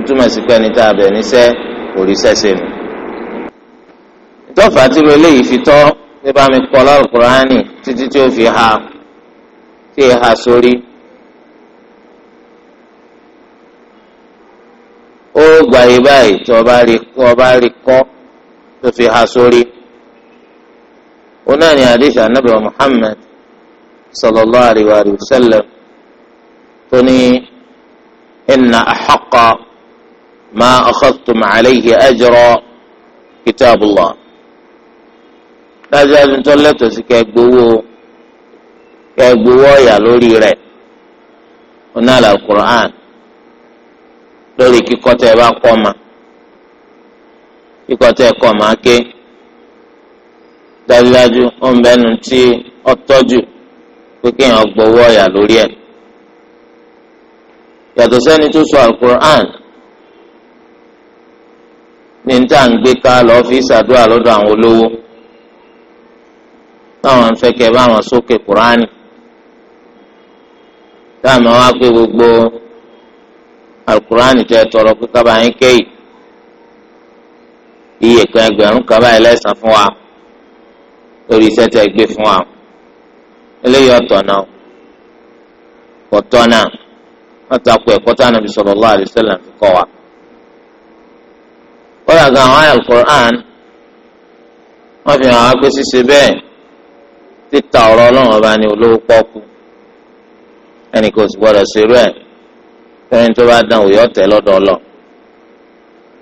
ó túmọ̀ sí pé ẹni tá a bẹ̀ níṣẹ́ kò rí sẹ́sẹ̀ nù. ìtọ́fà tí rẹlẹ́ yìí fi tọ́ pé bá mi kọ́ lálùkùránì títí tí ó fi ha tí ì ha sórí. ó gbà yí báyìí tí ọba rí kọ́ ọba rí kọ́ tó fi ha sórí. ó náà ní àdéhùn anábìrò Muhammad sallallahu alayhi wa sallam tó ní inna ahaqqa. ما أخذتم عليه أجرا كتاب الله dájúdájú ń tọ́lẹ́tọ̀ sí kẹgbowó kẹgbowó ọ̀yà lórí rẹ̀ onáàlà alukur'an lórí kíkọ́ tẹ́ ẹ bá kọ́ ma ma ké tí ó tọ́jú pé kéèyàn lórí tó ní ní tá à gbé ká lọ́ọ́ fi lọ́dọ̀ àwọn olówó táwọn ń fẹ́ kẹ́ sókè kúránì táwọn wá pé gbogbo alukúránì tẹ tọrọ pé kábàá yín kéyì iye kan báyìí lẹ́sàn fún wa lórí iṣẹ́ tẹ gbé fún wa eléyìí ọ̀tọ̀ náà kọ̀tọ̀ náà wọ́n ta ẹ̀kọ́ kọ́ kọ́lá gan àwọn àyà alukur'an wọ́n fi hàn wá pé ṣíṣe bẹ́ẹ̀ títa ọ̀rọ̀ ọlọ́run ọba ni olówó pọ́kú ẹnì kò sì gbọ́dọ̀ ṣerú ẹ̀ fẹ́yìn tó bá dán òye ọ̀tẹ̀ lọ́dọ̀ ọlọ́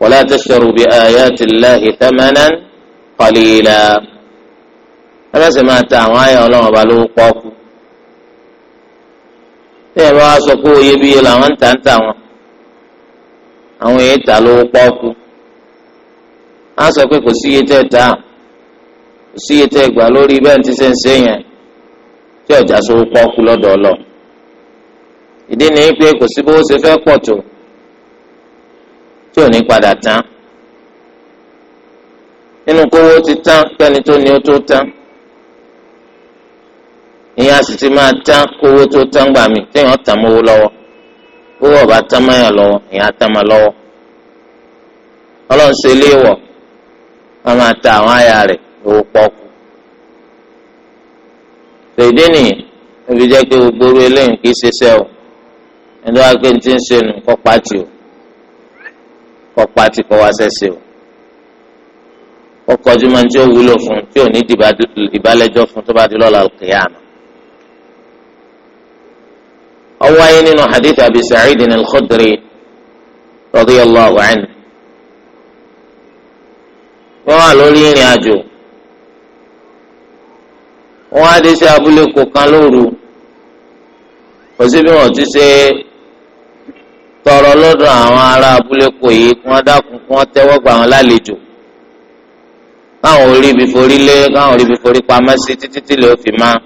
wala tashtaru bi ayati llahi thamanan qalila ẹ bá sì máa ta àwọn àyà ọlọ́run ọba lówó pọ́kú tẹ́yẹ̀ bá sọ pé oyebíye làwọn ń ta ń ta wọn àwọn èyí ta lówó pọ́kú. ha sọ pé kò sí iye tẹ́ ta kò sí iye tẹ́ gbà lórí bẹ́ẹ̀ ti ṣe ń ṣe yẹn tí ọjà sọ pọ̀ kú lọ́dọ̀ ọlọ ìdí ni pé kò sí bówó ṣe fẹ́ pọ̀ tó tí ò ní padà tán nínú kówó ti tán kẹ́ni tó ní ó tó tán ìyẹn a sì ti máa tán kówó tó tán gbà wọn máa ta àwọn àyà rẹ̀ lówó pọ́kú. tèdè nìyẹn níbi jẹ́ pé gbogbo orí eléyìí kì í ṣiṣẹ́ o ẹni wá pé ti ń ṣe nù kọ́ pàtì o kọ́ pàtì kọ́ wá ṣẹ́ṣe o kọ́ kọjú tí ó wúlò fún tí ò ní ìbálẹ́jọ́ fún tó bá di lọ́la kìíyàmù. ọwọ́ ayé nínú hadith abi sa'id al-khudri radiyallahu wọ́n wà lórí ìrìn àjò wọ́n á dé sí abúlé kọ̀ọ̀kan lóru kò sí bí wọ́n ti ṣe tọrọ lọ́dọ̀ àwọn ará abúlé kò yìí kí wọ́n dákun kí wọ́n tẹ́wọ́ gbà wọ́n lálejò káwọn orí ibi forí lé káwọn orí ibi forí pamọ́ sí títí tí lè fi máa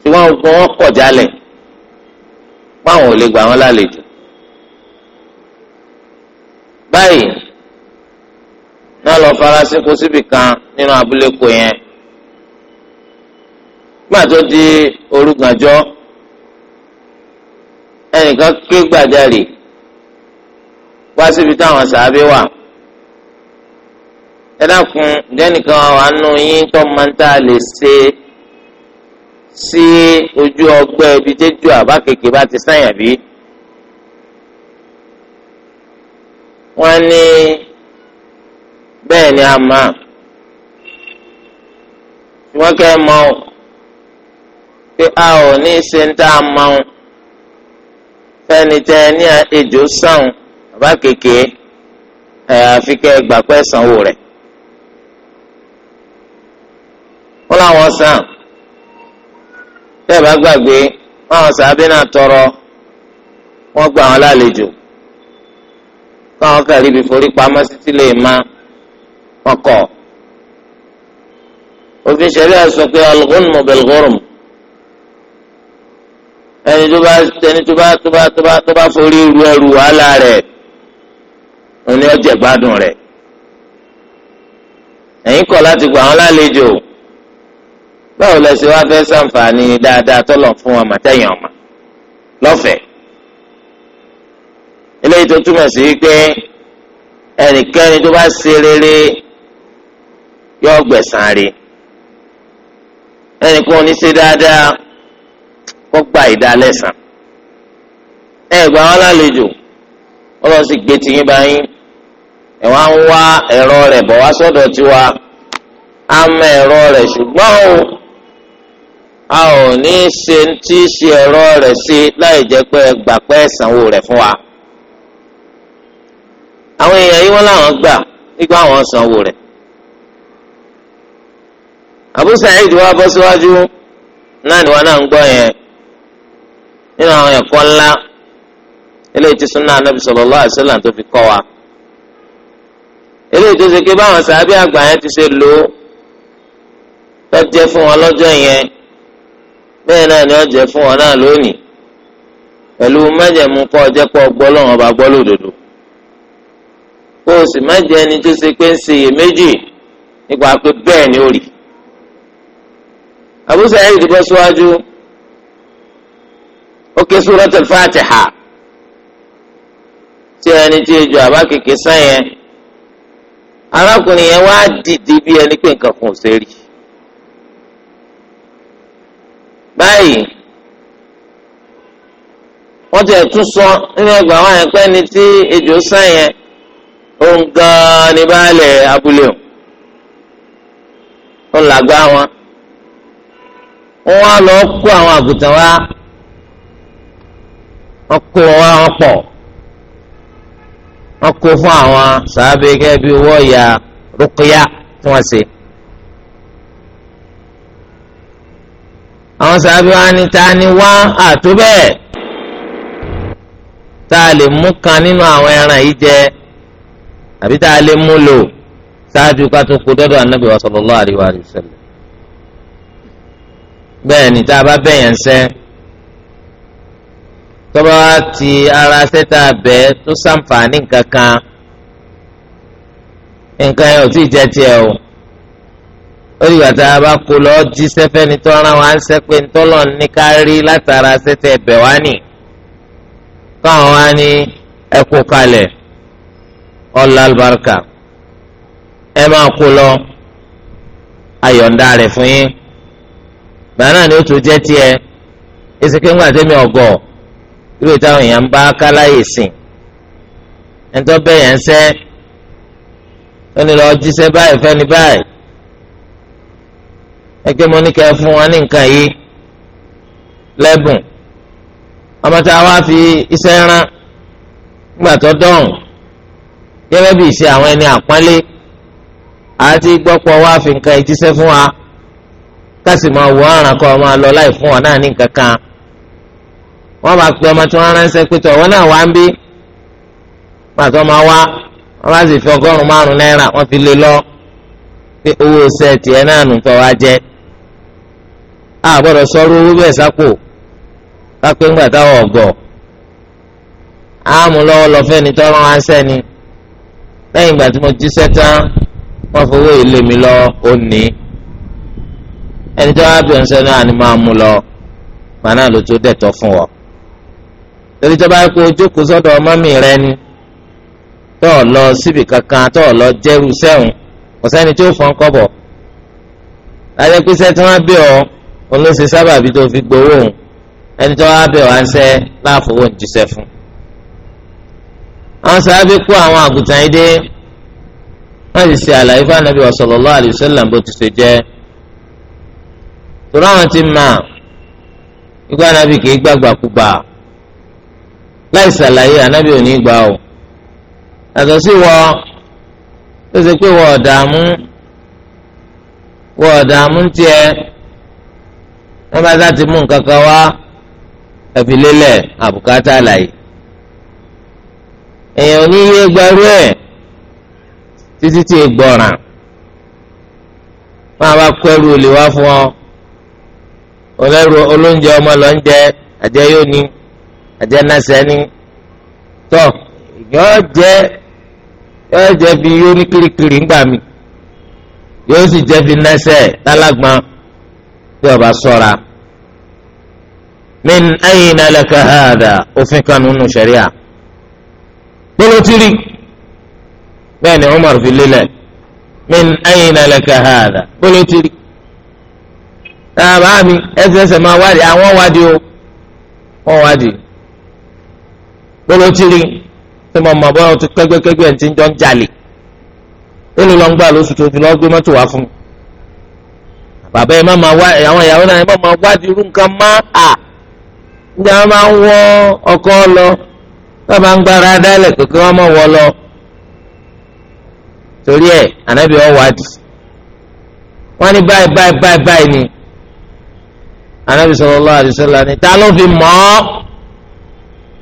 ṣùgbọ́n gbogbo wọn kọ̀ jálẹ̀ káwọn ò lè gbà wọ́n lálejò báyìí náà lọ faransé kó síbi kan nínú abúlé kò yẹn gbà tó di orúgànjọ́ ẹnìkan ké gbàjarè wá síbi táwọn sàábé wà ẹ dákun dẹ́nìkan àánú yín tó máa ń tà lè ṣe sí ojú ọgbẹ́ ibi jẹ́jú àbá kékeré bá ti sáyàn bí. wọ́n ní. bẹ́ẹ̀ ni a máa wọ́n kẹ́ mọ́ ọ pé a ò ní í ṣe ń tá a mọ́ ọ fẹ́ni tẹ́ ẹ ní ejò sàn bàbá kẹ́ ẹ gbà pé sanwó rẹ̀ wọ́n làwọn sàn tẹ́ ẹ bá gbàgbé sàbí tọrọ wọ́n gba àwọn lálejò káwọn kàrí ibi forí pamọ́ sí wọn kọ òfin ṣẹlẹ̀ sọ pé al-ghunmu bil-ghurm ẹni tó bá ẹni tó bá tó bá tó bá tó bá forí ru ẹrù wàhálà rẹ̀ òní ọjà gbádùn rẹ̀ ẹ̀yin kọ̀ láti gbà wọn lálejò báwo lẹ ṣe wá fẹ́ sàǹfààní dáadáa tọ́lọ̀ fún wọn màtẹ́yìn ọ̀mà lọ́fẹ̀ẹ́ eléyìí tó túmọ̀ sí pé ẹnikẹ́ni tó bá ṣe rere yóò gbẹ̀san rí ẹnì kan dáadáa kó gba ìdálẹ́sàn ẹ gbà wọn lálejò wọn lọ sí gbé báyìí ẹ wá ń wá ẹ̀rọ rẹ̀ bọ̀ wá sọ́dọ̀ tiwa á mọ ẹ̀rọ rẹ̀ ṣùgbọ́n o a ò ní ṣe tí ṣe ẹ̀rọ rẹ̀ ṣe láì jẹ́ pé ẹ gbà pé wa àwọn èèyàn yìí wọ́n láwọn gbà sanwó rẹ̀ Abu Sa'id wa bọ́ síwájú náà ni wọn náà ń gbọ́ yẹn nínú àwọn ẹ̀kọ́ ńlá eléyìí tí súnà anábì tó fi wa eléyìí tó ṣe ké báwọn àgbà yẹn ti ṣe lò ó tó fún wọn yẹn bẹ́ẹ̀ náà ni ó fún wọn náà lónìí pẹ̀lú májẹ̀mú kọ́ ọjẹ́ gbọ́ ọba kó Abu Sa'id bọ́ síwájú ó ké Suratul Fatiha tí ẹni tí ejò àbá kéke sàn yẹn arákùnrin yẹn wá dìde bí ẹni pé nǹkan kan ò ṣe rí báyìí wọ́n ti ẹ̀tún sọ nínú ẹgbà wọn àyẹ̀pẹ́ ni tí ejò sàn yẹn òun gan-an ní baálẹ̀ abúlé o ó làgbá wọn. wọ́n lo lọ kó àwọn àgùntàn wá wọ́n kó wọn wá fún àwọn sàábé gẹ́gẹ́ bí owó tí ṣe. àwọn wa ni ta ni wá àtó bẹ́ẹ̀ tá a lè mú kan nínú àwọn ẹran yìí jẹ àbí tá a lè mú lò ṣáájú ká tó kó wa bẹ́ẹ̀ ni tá a bá bẹ̀yàn sẹ́ tọ́ba wa ti ara sẹ́tà bẹ́ tó sàǹfààní kankan nǹkan yẹn ò tí ì jẹ́ tiẹ̀ o ó di gbàtà bá kó lọ jí sẹ́fẹ́ ni tó ara wa ń sẹ́ pé ntọ́lọ̀ ní ká rí látara sẹ́tà ẹ̀bẹ̀ wá nì káwọn wá ní ẹkú kalẹ̀ ọ̀là àlùbáríkà ẹ máa kó lọ ayọ̀ǹda rẹ̀ fún yín. bàánà ni ó tó jẹ́ tiẹ̀ ezeke ńgbà tẹ́mi ọ̀gọ̀ irú ìtàwọn èèyàn ń bá káláyè sìn ẹ̀ńtọ́ bẹ́ẹ̀ yẹn ń ẹni lọ jíṣẹ́ báyìí fẹ́ni báyìí ẹgbẹ́ mo ní kẹ́ fún wọn ní nǹkan yìí ọmọ a wá fi iṣẹ́ rán nígbà tó dọ̀hùn gẹ́gẹ́ bí ìṣe àwọn ẹni àti fi nǹkan fún kásì máa wọ ọ̀ràn kọ́ máa lọ láì fún ọ náà ní kankan wọ́n bá pe ọmọ tí wọ́n ránṣẹ pé tọ̀ náà wá ń bí pàtó máa wá wọ́n bá sì fi ọgọrùn ún márùn-ún náírà wọn fi lé lọ pé owó sẹ́ẹ̀tì ẹ̀ náà wá a gbọ́dọ̀ owó sápò kápẹ́ ńgbà táwọn A lọ́wọ́ ni lẹ́yìn tí mo ẹni tó wá bí ọ̀nsẹ́ náà ni máa mú lọ gbaná ló tó dẹ̀tọ́ fún ọ. torí tó bá kó ojókòó sọ́dọ̀ ọmọ mi rẹ ni tó ọ̀ lọ síbi kankan tó ọ̀ lọ jẹ́rú sẹ́hùn kò sẹ́ni tó fọ́n kọ́bọ̀. láyé pé sẹ́ tí wọ́n bí ọ olóṣè sábàbí tó fi gbowó òun ẹni tó wá bí ọ ànsẹ́ láàfọwọ́ ń fún. àwọn sábà kó àwọn àgùntàn yìí dé wọ́n sì ṣe àlàyé fún torí àwọn ti mà ìgbà anabi kì í gbàgbà kúgbà láì sàlàyé anabi ò ní gbà o yàtọ̀ sí wọ tó ṣe pé wọ ọ̀dààmú wọ ọ̀dààmú tiẹ̀ wọ́n bá dá ti mú nǹkan kan wá ẹ̀fí lélẹ̀ àbùkátà àlàyé èèyàn ní yé gbẹrú ẹ̀ títí tí ì gbọ̀ràn wọn àbá kọ ẹrù olè wá fún ọ olẹ́rù olóúnjẹ ọmọ lọ ń jẹ àjẹ́ yóò ní àjẹ́ náṣẹ́ ní tọ́ jẹ bí yóò ní kirikiri ńgbà mi yóò sì jẹ bí náṣẹ́ lálágbọ́n tí ọba sọ́ra min ayin alaka hada òfin kan nínú ṣẹ̀ríà kpolotiri bẹ́ẹ̀ ni Umar fi lélẹ̀ min ayin alaka hada Ah, bàbá mi ẹsẹ̀ẹsẹ̀ máa wádìí àwọn wádìí o wọ́n wádìí gbọ́dọ̀ tí rí tí mo mọ̀ bọ́ọ̀ tó kẹ́gbẹ́kẹ́gbẹ́ ti ń jọ ń jalè èlò lọ ń gbà lóṣù tó fi lọ́ọ́ gbé mọ́tò wá fún mi bàbá ẹ má máa wá àwọn ìyàwó náà ẹ ọkọ lọ ń gbára dálẹ̀ torí ẹ, ànábì ọ̀ wádìí wọ́n ní báyìí báyìí báyìí anabi sallallahu alaihi wasallam ni ta ló fi mọ̀ ọ́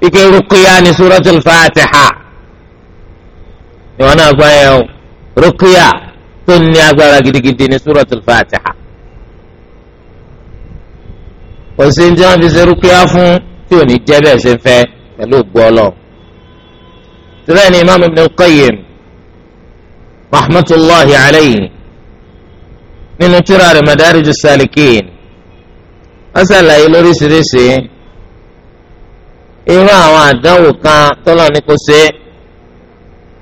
ike rukiya ni suratul fatiha ìwọ náà gbọ́ yẹn o rukiya tó ní agbára gidigidi ni suratul fatiha òsì tí wọ́n fi ṣe rukiya fún tí ò ní jẹ́ bẹ́ẹ̀ ṣe fẹ́ pẹ̀lú gbọ́lọ̀ tìrẹ́ ni imam ibn qayyim rahmatulahi alayhi nínú tírà rẹ̀ wọ́n ṣàlàyé lóríṣiríṣi irú àwọn àdánwò kan tọ́lọ̀ ní kò ṣe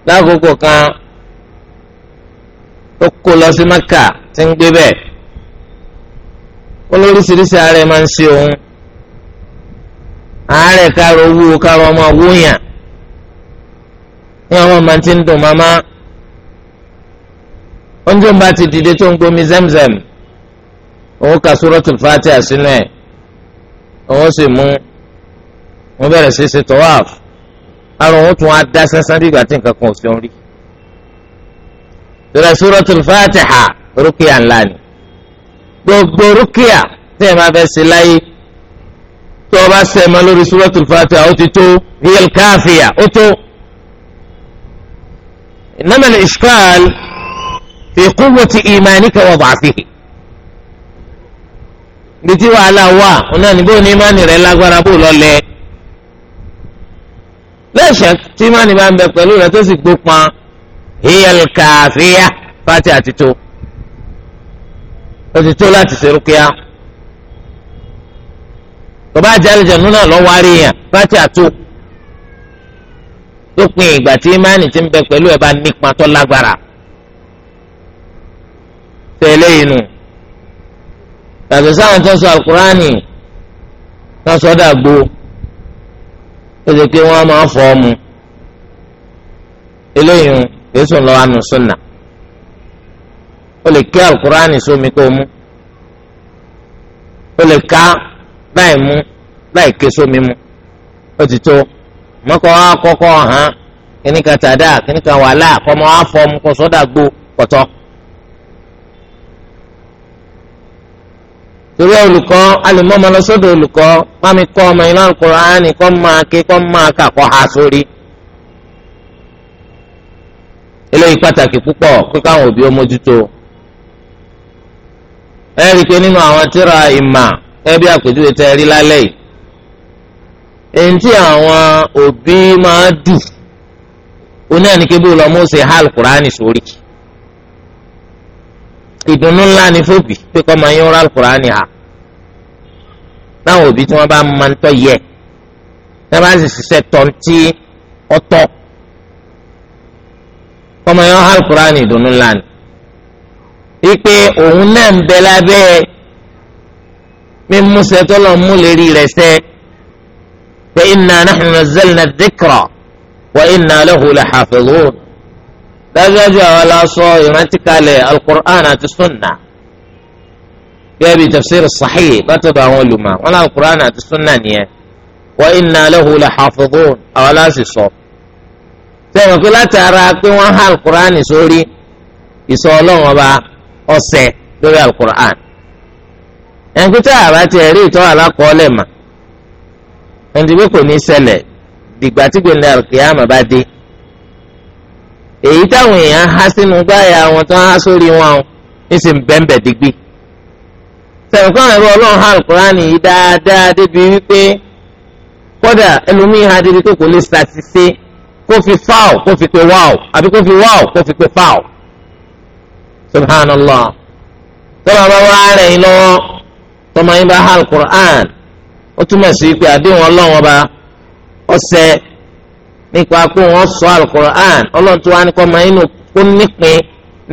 lákòókò kan ó kó lọ sí mẹ́kà tí ń gbé bẹ́ẹ̀ ó lóríṣiríṣi ààrẹ máa ń ṣe òun ààrẹ kárò owó kárò ọmọ wúyàn ní àwọn ọmọ tí ń dùn mọ́mọ́ oúnjẹ ń bá ti dìde tó ń gbomi zemzem òun ka suratul fatiha sínú ẹ̀ òun sì mú wọn bẹ̀rẹ̀ sí ṣe tọ́wáf àrùn òun tún á dá sánsán bí ìgbà tí nǹkan kan ò sí òun rí. tẹ̀lé suratul fatiha rúkìá ńlá ni gbogbo rúkìá tẹ̀ máa fẹ́ ṣe láyé tó o bá sẹ́ẹ̀mọ́ lórí suratul fatiha ó ti tó hiyal káfíà ó tó. innama al-ishkal fi quwwati imanika ibi tí wàhálà wà ọ̀nà níbo ni imáni rẹ̀ lágbára bò lọ́lẹ̀ lẹ́sẹ̀ tí imáni bá ń bẹ pẹ̀lú rẹ̀ tó sì gbópan hiyal kàfíà fati àtìtò òtítọ́ láti ṣe rúkìá bàbá àjálùjọ nínú náà lọ́wọ́ àríyàn fati àtò tó pin ìgbà tí imáni ti ń bẹ pẹ̀lú ẹ̀ bá nípa tó lágbára tẹ̀lé inú yàtọ̀ sáwọn tó ń sọ alukurani náà sọ́dà gbó ó ṣe pé wọ́n máa fọ́ ọmú eléyìí yéésù lọ́wọ́ àánú súnà ó lè ké alukurani sómi kó mú ó lè ká láì mú láì ké sómi mú ó ti tó mọ́kọ́ á kọ́kọ́ hàn kíníkan tàdá kíníkan wàhálà kọ́mọ́ á fọ́ ọmú kó sọ́dà gbó pọ̀tọ́. torí olùkọ́ alùmọ́mọ́ lọ sọ́dọ̀ olùkọ́ pàmì kọ́ ọmọ ìlànà Kùránì kọ́ máa ké kọ́ máa kà kọ́ ha sórí. eléyìí pàtàkì púpọ̀ pé káwọn òbí ó mójútó. ẹ rí i pé nínú àwọn tíra ìmà ẹbí bí àpèjúwe tẹ rí lálẹ́ yìí. èyí tí àwọn òbí máa dù ìdùnnú ńlá ni fóbi pé kọ́ máa yín rálù kùránì hà láwọn òbí tí wọ́n bá máa ń tọ́ yẹ tí wọ́n bá sì ṣiṣẹ́ tán tí ọtọ́ kọ́ máa yín rálù kùránì ìdùnnú ńlá ni wípé òun náà ń bẹ lábẹ́ mímúṣẹ tọ́lọ̀ mú lérí rẹ̀ sẹ́ pé inna nahnu nazzalna dhikra wa inna lahu lahafizun dájúdájú àwọn aláṣọ ìrántíkalẹ̀ alukur'an àti sunna gẹ́bí tafsir sahih látọ̀dọ̀ àwọn olùmọ̀ wọn lọ alukur'an àti sunna nìyẹn wa inna lahu lahafidhun àwọn aláṣẹ sọ. sẹ́wọ̀n pé látara pé wọ́n há alukur'an sórí ìsọ ọlọ́run ọba ọ̀sẹ̀ lórí alukur'an. ẹnkútẹ́ àbá ti ẹ̀rí ìtọ́ alákọ̀ọ́lẹ̀ mà ẹ̀ńdí kò ní í ṣẹlẹ̀ dìgbà tí bá dé. èyí táwọn èèyàn há sínú gbáyà wọn tó há sórí wọn ní sì ń bẹ́ńbẹ́ digbí. ọlọ́run ha dáadáa débi wípé kódà ẹlòmíín ha débi kò lè ṣàṣìṣe kó fi fáwọ̀ kó fi wáwọ̀ àbí kó fi wáwọ̀ kó fi fáwọ̀. subhanallah tọ́lá bá wá rẹ̀ yín pé àdéhùn ọlọ́run ọba nípa pé wọn sọ alukur'an ọlọ́run tó wá ní kọ́ máa inú kó nípìn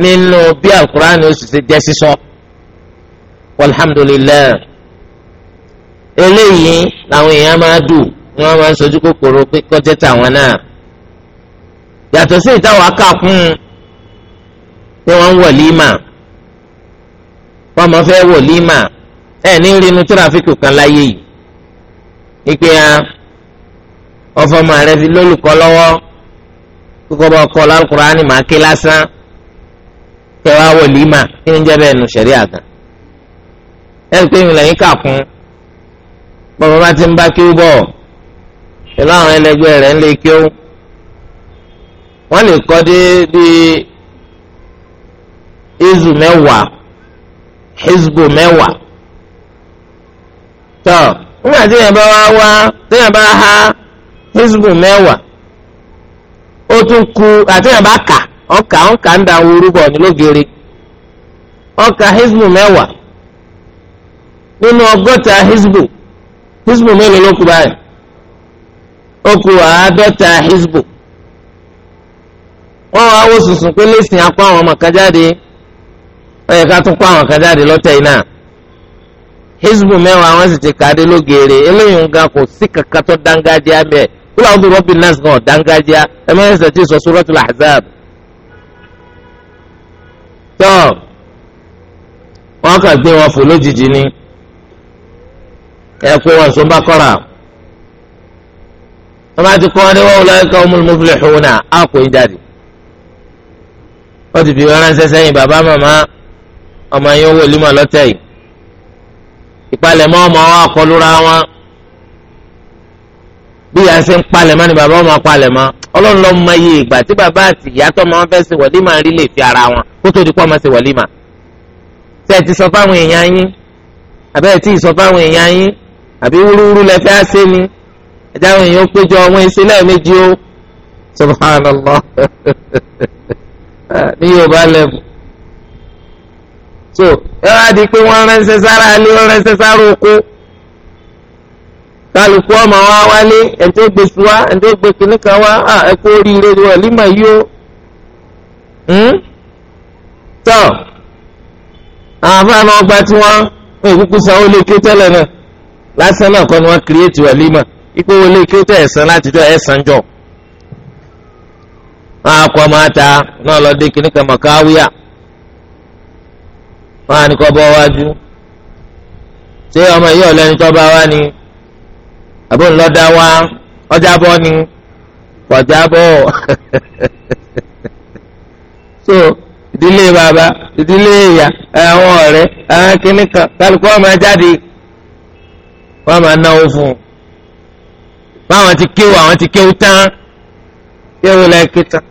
nínú bí alukur'an ó sì jẹ́ sísọ. alhamdulilayi eléyìí làwọn èèyàn máa dùn wọn wọ́n máa ń sojú kòkòrò pé kọjá tàwọn náà yàtọ̀ sí ìtawọ̀ pé wọ́n ń wọ́n máa fẹ́ ẹ̀ ní rinu tírafíkì kan láyé ọfọmọ rẹ fi lólùkọ́ lọ́wọ́ kókó bá ọkọ lálùkùránì máa ké lásán kẹwàá wọlímà kí ni jẹ́ bẹ́ẹ̀ nu sẹ̀rí àgàn ẹ rí i pé ìrìnlẹ̀ yín kà kún bàbá bá ti ń bá kí ó bọ̀ pẹ̀lú àwọn ẹlẹgbẹ́ rẹ̀ ń lè kí ó wọ́n lè kọ́ dé bíi izu mẹ́wàá hizbo mẹ́wàá tọ́ nígbà tí yẹn bá wá wá tí yẹn bá ha. hizbu mẹ́wàá ó tún ku àtẹ̀yìn bá kà ọ̀kà ọ̀kà ń da orúkọ lógeere hizbu mẹ́wàá nínú ọgọ́ta hizbu hizbu mélòó ló kù báyìí ó àádọ́ta hizbu wọ́n wá wó sùsùn pé lẹ́sìn akọ àwọn ọmọ kan jáde ká hizbu mẹ́wàá wọ́n sì ti kàdé lógeere eléyìí ń ga kò sí kankan ụlọ àwọn robin rọ́bì náà gan dángájá ẹ máa ń ṣe tí sọ Suratul Ahzab. tọ́ wọ́n kàn gbé wọn fò lójijì ni ẹ kó wọn sọ bá kọ́ra wọ́n bá ti kọ́ wọn ní wọ́n wọlé ẹ̀ka ọmọ ìmúfilẹ̀ ìhùn yín jáde. ti fi wọn bí ìyá ṣe ń palẹ̀ mọ́ ni bàbá ọmọ palẹ̀ mọ́ ọlọ́run lọ́ọ́ mọ iye ìgbà tí bàbá àti ìyá tó máa ń fẹ́ ṣe wọ̀límà rí lè fi ara wọn kó tó di pọ́ máa ṣe wọ̀límà. ṣé ẹ ti sọ fáwọn èèyàn yín àbẹ́ ẹ ti sọ fáwọn èèyàn yín àbí wúrúwúrú lẹ fẹ́ á ṣe ni ẹ̀dá àwọn èèyàn ó péjọ ọmọ ẹṣẹ lẹ́ẹ̀mejì ó subhanallah ní yorùbá lẹ́bù. so ẹ wá di pé wọ́n ránṣẹ́ sára alẹ́ kálukú ọmọ wa wálé ẹ̀ńtẹ́ gbé wa ẹ̀ńtẹ́ wá à ẹ kú oríire yìí o. Hmm? tọ́ àwọn afáànù ọgbà tí wọ́n ń kúkú sanwó lè ké tẹ́lẹ̀ náà lásán náà kọ́ ni wọ́n kírètì ipò wọlé ké ẹ̀sán láti jọ ẹ̀sán jọ. kan mọ̀káwíà wọ́n ni. àbò ńlọ́dá wa ọjà bọ́ ni kọjá bọ́ so ìdílé bàbá ìdílé ìyá àwọn ọ̀rẹ́ àwọn kìnnì kan kálukú ọmọ ẹ jáde wọn máa náwó fún un báwọn ti kéwò àwọn ti kéwò tán kéwò lẹ́ẹ̀kì tán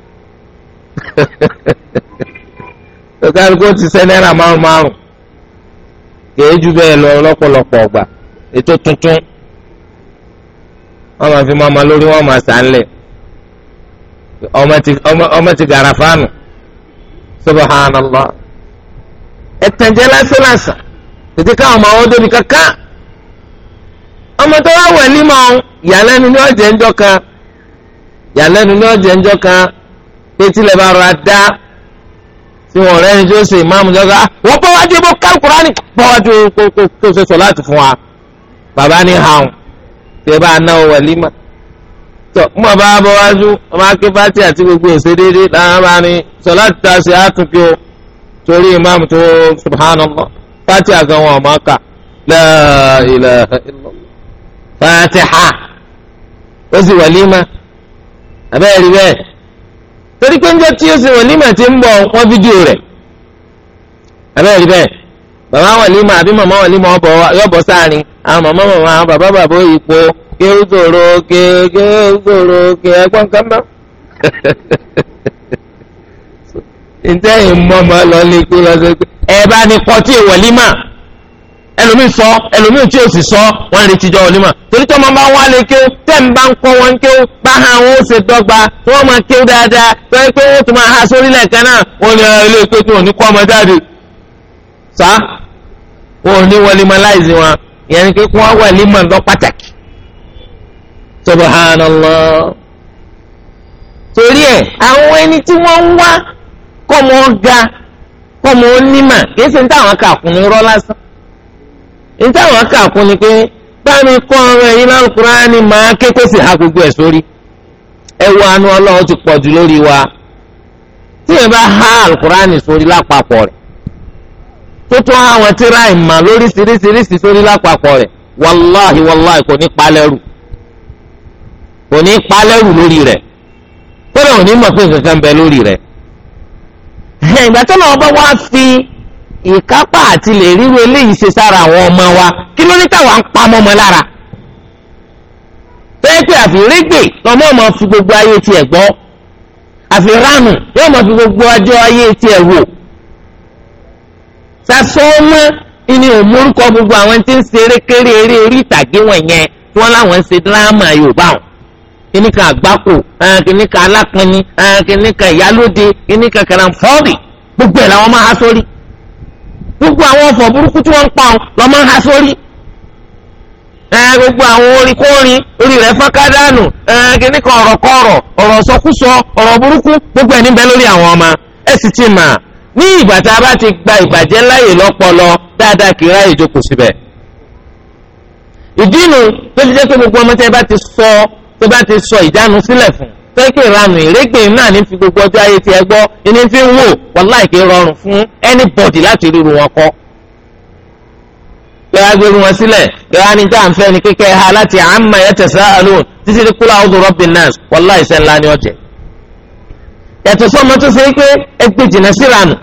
kálukú ti sẹ́ náírà márùn-márùn kèé ju bẹ́ẹ̀ lọ lọ́pọ̀lọpọ̀ ọgbà ètò tuntun wọ́n máa fi mọ́ ọmọ lórí wọ́n máa sànlẹ̀ ọmọ ti gàrà fáànù subhanallah ẹ̀tẹ̀jẹ̀ lásán lásán tètè káwọn ọmọ àwọn ọdún kankan ọmọ tó wá wẹ̀ ní mọ́ ìyàlẹ́nu ní ọ̀jẹ̀ ńjọ́ kan ìyàlẹ́nu ní ọ̀jẹ̀ ńjọ́ kan pétí lè bá rọra dá tí wọn rẹ ni tí ó ṣe ìmáàmù jọgá ah, bá wájú bó kálukúránì bá wájú kó kó kó ṣe láti fún wa bàbá ní hàn tẹ bá náwó wàlímà tọ mú ọba bọ wá sú ọba akébátì àti gbogbo òsè déédéé làwọn bá ní sọlá ti ta sí àtúnkì o torí imáàmù tó subhanallah fati àgàn wọn ọmọ kà la ilaha illallah fatiha ó sì wàlímà abẹ́rẹ́ rí bẹ́ẹ̀ torí pé ń jẹ́ tí ó sì wàlímà ti ń bọ̀ wọ́n fídíò rẹ̀ abẹ́rẹ́ rí bẹ́ẹ̀. bàbá wàlímà àbí màmá ọ yọ̀bọ̀ sáàrin àwọn màmá màmá bàbá bàbá òyìnbó ké ó ké ké ó ké ẹgbọ́n kan bá. ǹjẹ́ ìmọ̀mọ́ lọ lè kú lọ pé ẹ bá ní ẹlòmíì sọ ẹlòmíì tí sì sọ wọn torí tí bá lè tẹ́ ń bá ń kọ́ wọn bá hàn wọn ó ṣe dọ́gba tí wọ́n ha náà "Saa! wọn ò ní wọn limalize wọn ìyẹn ni kíkún wọn wà liman lọ pàtàkì subhanallah torí ẹ àwọn wọn ń kọmọ ga kọmọ onímà kì í ṣe ní táwọn kàkún ní rọ lásán ní táwọn kàkún ni pé bámi kọ́ ha gbogbo ẹ̀ sórí ẹ wo ti lórí wa tí bá ha tó awọn hàn àwọn tíra ìmọ̀ lórí ṣiríṣiríṣi sórí lápapọ̀ rẹ̀ wàláhi wàláhi kò ní palẹ́rù kò ní palẹ́rù lórí rẹ̀ kódà ò ní mọ̀ pé nǹkan kan bẹ lórí rẹ̀. ìgbà fi ìkápá àti lè ríru eléyìí ṣe sára àwọn ọmọ wa kí ló ní táwa ń pamọ́ ọmọ lára. pẹ́ẹ́pẹ́ àfìrégbè ọmọ fi gbogbo ayé tiẹ̀ gbọ́ yóò mọ̀ gbogbo ayé tiẹ̀ tasọ́ wọn ìní òmórúkọ gbogbo àwọn tí ń ṣeré kéré eré orí ìtàgé wọn yẹn tí wọ́n láwọn ń ṣe dírámà Yorùbá wọn kìnìkan àgbákò eh, kìnìkan alákanni eh, kìnìkan ìyálóde kìnìkan kẹrànfọ́ọ̀rì gbogbo ẹ̀ làwọn máa há sórí gbogbo àwọn ọ̀fọ̀ burúkú tí wọ́n ń pa lọ́ máa há sórí eh, gbogbo àwọn orin kórin orí rẹ̀ fọ́nkádánù kìnìkan ọ̀rọ̀ kọ̀ọ̀rọ̀ ọ̀rọ̀ sọkúsọ ọ̀rọ̀ burúkú gbogbo ẹ̀ níbẹ̀ lórí àwọn ọmọ ẹ̀ sì ti mà ní ìgbà tá a bá ti gba ìbàjẹ́ láàyè lọ́pọlọ dáadáa kì í ráyè jókòó síbẹ̀. ìdí nu tó ti jẹ́ pé gbogbo ọmọ tẹ́ bá ti sọ tó bá ti sọ sílẹ̀ fún tẹ́kì ìranù ìrégbè ní fi gbogbo ọjọ́ ayé tiẹ̀ gbọ́ ẹni fi ń wò rọrùn fún láti ríru wọn kọ́. agbèrú wọn sílẹ̀ ha láti àmà tẹ̀sán àlùn títí kúlà rọ́bìn náà sẹ́ńlá yàtọ̀ sọ́mọ tó ṣe é pé ẹgbẹ́ jìnnà sílànà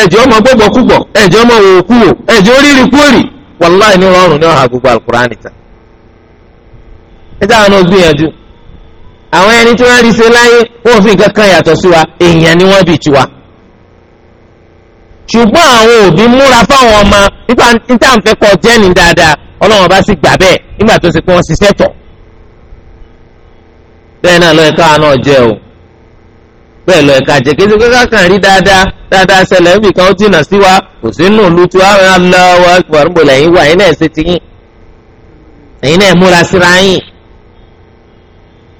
ẹ̀jẹ̀ ọmọ gbọ́gbọ́ kúgbọ̀ ẹ̀jẹ̀ ọmọ wò kú wò ẹ̀jẹ̀ oríire kúrì wàláì ní rọrùn ní ọ̀hà gbogbo alukur'an nìta. níta àwọn ògbìyànjú àwọn ẹni tí wọ́n rí ṣe láyé wọ́n fi nǹkan kan yàtọ̀ sí wa èèyàn ni wọ́n bì tiwa. ṣùgbọ́n àwọn òbí múra fáwọn ọmọ o bẹ́ẹ̀ lọ ẹ̀ka jẹ́ kí ẹ̀ka kan rí dáadáa dáadáa ṣẹlẹ̀ níbi kan ó jìnnà sí wa kò sí nù lu tí wàá Allahu Akbar níbo lẹ́yìn wà ẹ̀yin náà ṣe ti yín ẹ̀yin náà múra síra yín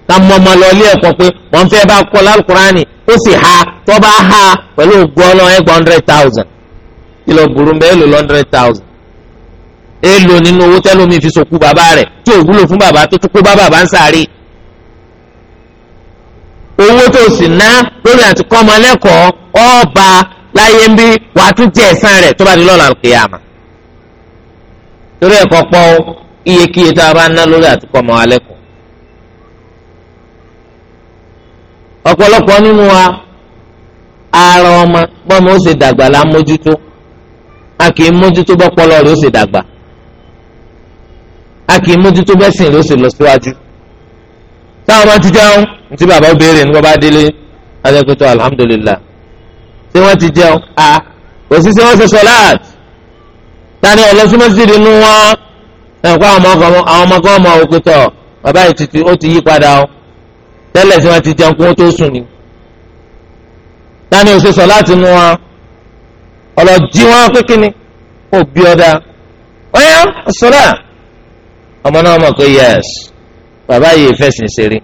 ká mọ ọmọ lọ ilé ẹ̀kọ́ pé wọ́n fẹ́ bá kọ́ lálùkùránì ó sì ha tó bá ha pẹ̀lú ògùn ọlọ́ ẹgbẹ́ hundred thousand kí lọ burú mbẹ́ èlò hundred thousand èlò nínú owó tẹ́lómi fi sòkú bàbá rẹ̀ tí òwúlò fún bàbá tó owó tó sì ná lórí àti kọ́ ọmọ lẹ́kọ̀ọ́ ọba láyé ń bí wàá tún jẹ ẹ̀san rẹ̀ tó bá di lọ́la kìyàmà. torí ẹ̀kọ́ pọ̀ iyekíye tá a bá ná lórí àti kọ́ ọmọ ọ̀pọ̀lọpọ̀ ara ọmọ bọ́mọ ó sì dàgbà la mójútó a kì í mójútó bọ́pọlọ rẹ̀ ó sì dàgbà a kì í mójútó bẹ́sìn rẹ̀ ó sì lọ síwájú. táwọn máa ti jẹun ntí bàbá ó béèrè nígbà bá délé adékòtò alhamdulillah ṣé wọ́n ti jẹun a kò sí ṣé wọ́n ṣe sọláàt tani ọlọsúmọsídìí nu wọn ẹnkọ àwọn ọmọkọ ọmọ òkútọ bàbá yìí ti ó ti yí padà o tẹ́lẹ̀ tí wọ́n ti jẹun kó tó sùn ni tani ó ṣe nu wọn ọlọjí wọn kékeré òbí ọdá ọyá sọlá ọmọ náà mọ̀ pé yẹs. bàbá yìí fẹ̀sìn ṣeré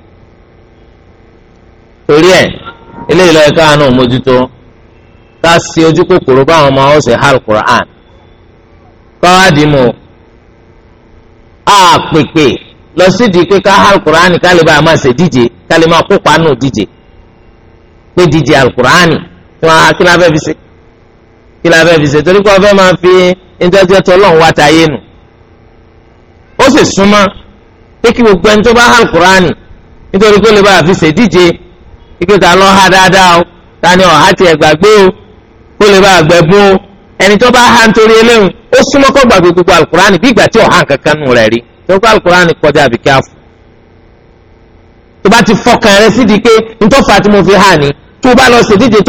torí ẹ̀ eléyìí ile ká àánú mójútó ká ṣe ojú kòkòrò báwọn ọmọ ọ̀sẹ̀ hàl Qur'an káwá dì àpèpè lọ sídìí pé ká hàl Qur'an ká lè bá a máa ṣe díje ká lè máa kópa nù díje pé díje alukur'ani tí wọn á kí la fẹ́ fi ṣe kí la fi ṣe torí pé ọfẹ́ máa fi ẹjọ́ jẹ́ tọ́lọ́hún wá tayé nù ó sì súnmọ́ pé kí gbogbo ẹni tó bá hàn kúránì nítorí kó lè bá ṣèdíje ike ta lọ ha dáadáa o ta ni ọha tiẹ̀ gbàgbé o kó bá àgbẹ̀ bún o ẹni tó bá hàn torí eléyìí ó súnmọ́ kó gbàgbé gbogbo alukurani bí ìgbà tí kankan nù rẹ̀ rí kọjá àbí káfù tó bá ti fọkàn rẹ sídi pé ntọ́fà tí mo fi hàn tó bá lọ ṣèdíje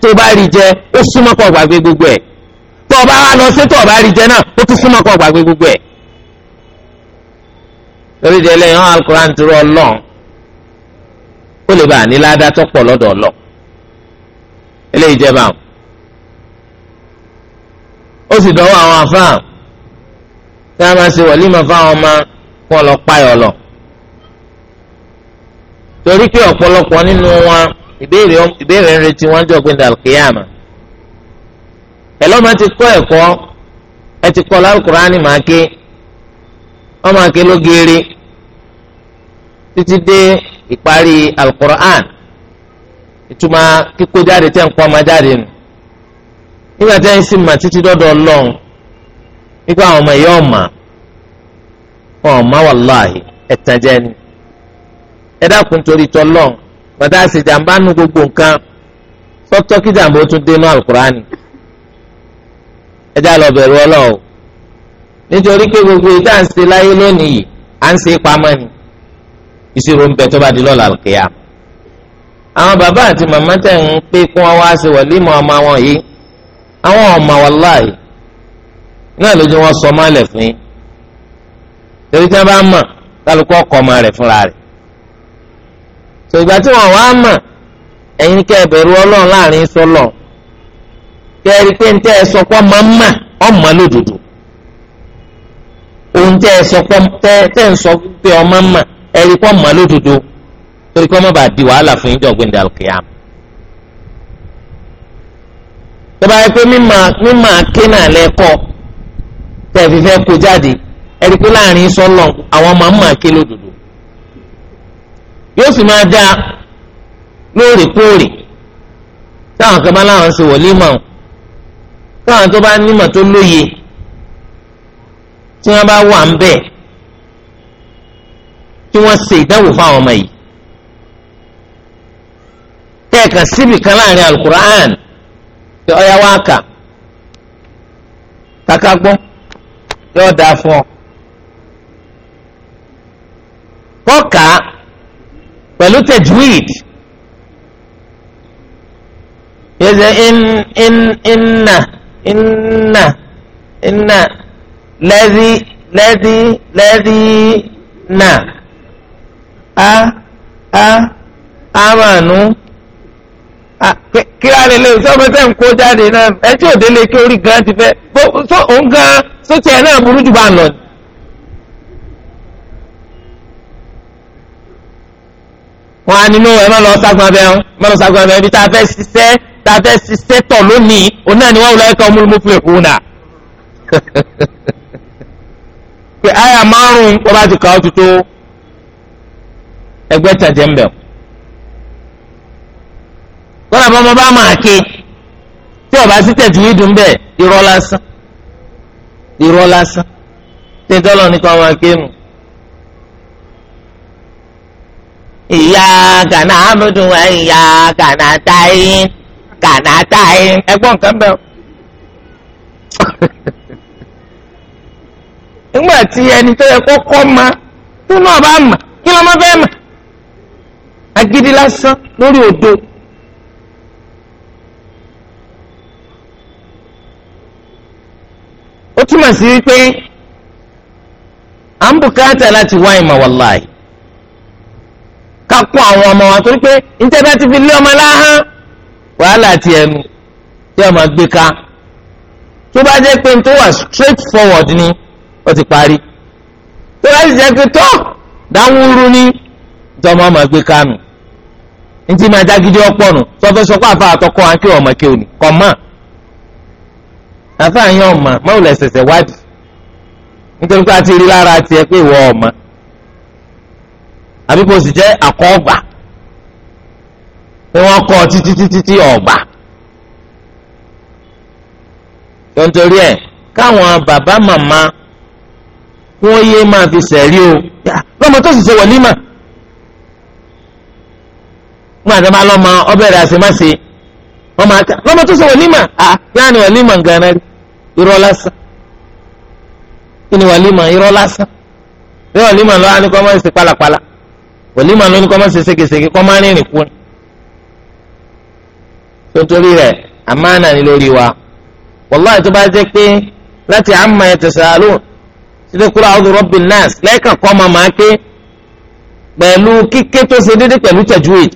tó bá rí jẹ ó súnmọ́ kó gbàgbé gbogbo torí de ẹlẹ́yìn hàn alukur'an ti rọ ọlọ́run ó lè bá a ní ládàá tó pọ̀ lọ́dọ̀ ọlọ́ eléyìí jẹ́ báwọn ó sì dánwó àwọn afáàn tí a máa ṣe wọ̀límọ̀ fáwọn ọmọ kí wọ́n lọ páyọ̀ lọ torí pé ọ̀pọ̀lọpọ̀ nínú wọn ìbéèrè ń retí wọn jọ pé dàlùkìyàmà ẹ̀ lọ́mọ ti kọ́ ẹ̀kọ́ ẹ ti kọ́ lálùkùránì máa ké ọmọ akéló geere títí dé ìparí alukur'an ìtumọ̀ kíkó jáde tẹ́ ń pọ́n ọmọ jáde nù nígbà tẹ́ ń sìn mà títí dọ́dọ̀ ọlọ́run nígbà àwọn ọmọ ìyá ọ̀mà ọ̀mà wàláhì ẹ̀tàn jẹ́ ni ẹ dákun torí tọ́lọ́run bàtà àṣejàmbá nu gbogbo nǹkan sọ́tọ́ kí jàmbá ó tún dé nú alukur'an ẹ̀dá lọ bẹ̀rù ọlọ́run nítorí pé gbogbo ìta ń ṣe láyé lónìí yìí à ń ṣe pamọ́ ni ìṣirò ń bẹ tó bá di lọ́la kìá. àwọn bàbá àti màmá tẹ̀ ń pé kí wọ́n wá ṣe wọ̀límọ̀ ọmọ wọn yìí àwọn ọmọ wàláì náà lójú wọn sọ mọ́lẹ̀ fún yín torí tí wọ́n bá mọ̀ kálukú ọkọ̀ ọmọ rẹ̀ fúnra rẹ̀ tó tí wọ́n wá mọ̀ ẹ̀yin kẹ́ ẹ bẹ̀rù ọlọ́run láàrin sọ́lọ̀ kẹ́ ẹ rí pé ń tẹ́ ẹ sọ pé ọmọ mà ọmọ lódodo ohun tẹ́ ẹ sọ pé tẹ́ ẹ sọ pé ọmọ mà lódodo torí kọ́ di wàhálà fún yín jọ̀gbìn dàlùkìyàm. tọ́ba yẹ pé mímọ akínà lẹ́kọ̀ọ́ tẹ́ ẹ fi kó jáde ẹ pé láàrin sọ́lọ̀ àwọn ọmọ mà ké lódodo. yóò sì máa dá lóòrèkóòrè táwọn kan bá láwọn ṣe wọlé táwọn tó tí wọ́n bá wà ń bẹ̀ tí wọ́n ṣe ìdánwò fáwọn ọmọ yìí tẹ́ẹ̀kan síbì kan láàrin alukur'an tí ọ̀yá wa kà kàkà gbọ́ yóò dáa fún ọ. kọ́ka pẹ̀lú tajwid yẹ́sẹ̀ in in inna inna inna lẹ́dí lẹ́dí lẹ́dí náà á á ámànú kí á lè lè sọ́mọ tẹ́ ń kó jáde náà ẹ tí ò délé kí orí gan ti fẹ́ bó sọ òun gan sóti ẹ̀ náà burú jù bá nà. wọn á nínú ẹ má lọ ságun abẹ ọ lọ ságun abẹ ibi tá a fẹ́ ṣiṣẹ́ tá a fẹ́ ṣiṣẹ́ tọ̀ lónìí òun náà ni wọ́n wúlọ ẹ̀ka ọmọlúmọ́ fún èkó náà. pé àyà márùn-ún bá ti kà ó ti ẹgbẹ́ tẹ̀jẹ̀ ń bẹ̀. wọ́n làbọ̀ ọmọ bá máa ké tí ọba sí tẹ̀jú yìí dùn bẹ́ẹ̀ irọ́ lásán irọ́ lásán máa ké nù. ìyá amúdùn ìyá nígbà tí ẹni tó yẹ kó kọ́ ma tó náà bá mà kí ló má fẹ́ mà agídí lásán lórí òdo. ó túmọ̀ sí wípé à ń bùkátà láti wá ìmọ̀ wàláì ká àwọn ọmọ wa torí pé níta ti fi lé ọmọ straight forward ni. ó ti parí tó láti jẹ́ pé tó dáwúrú ní tọmọ ọmọ gbé kánú ntí máa jágídí ọpọ nù sọfẹ àfa àtọkọ ọmọ kí kọ mọ àfa àyàn ọmọ mọwùlẹ ẹsẹsẹ wádìí nítorí pé a ti rí lára tiẹ̀ pé ìwọ ọmọ àbí kò sì àkọọgbà ni títí títí káwọn bàbá wọ́n yé máa fi sẹ̀rí o lọ́mọ tó sì ṣe wọ̀límà wọn àti máa lọ́mọ ọbẹ̀ rẹ̀ àṣemáṣe wọ́n máa ta lọ́mọ tó ṣe wọ̀límà à láàrin wọ̀límà nǹkan rẹ̀ irọ́ lásán kí ni wọ̀límà irọ́ lásán bí wọ̀límà lọ́wọ́ á ní kọ́ máa ń ṣe pálapàla wọ̀límà ló ní kọ́ máa ń ṣe ségesège kọ́ máa ń rìnrìn kúrin tontori rẹ̀ àmánà ni lórí wa wàláhì títí kúrò àwọn rọ́bì nọ́ọ̀sì lẹ́ẹ̀kan kọ́ máa máa pé pẹ̀lú kíké tó ṣe déédéé pẹ̀lú tajwid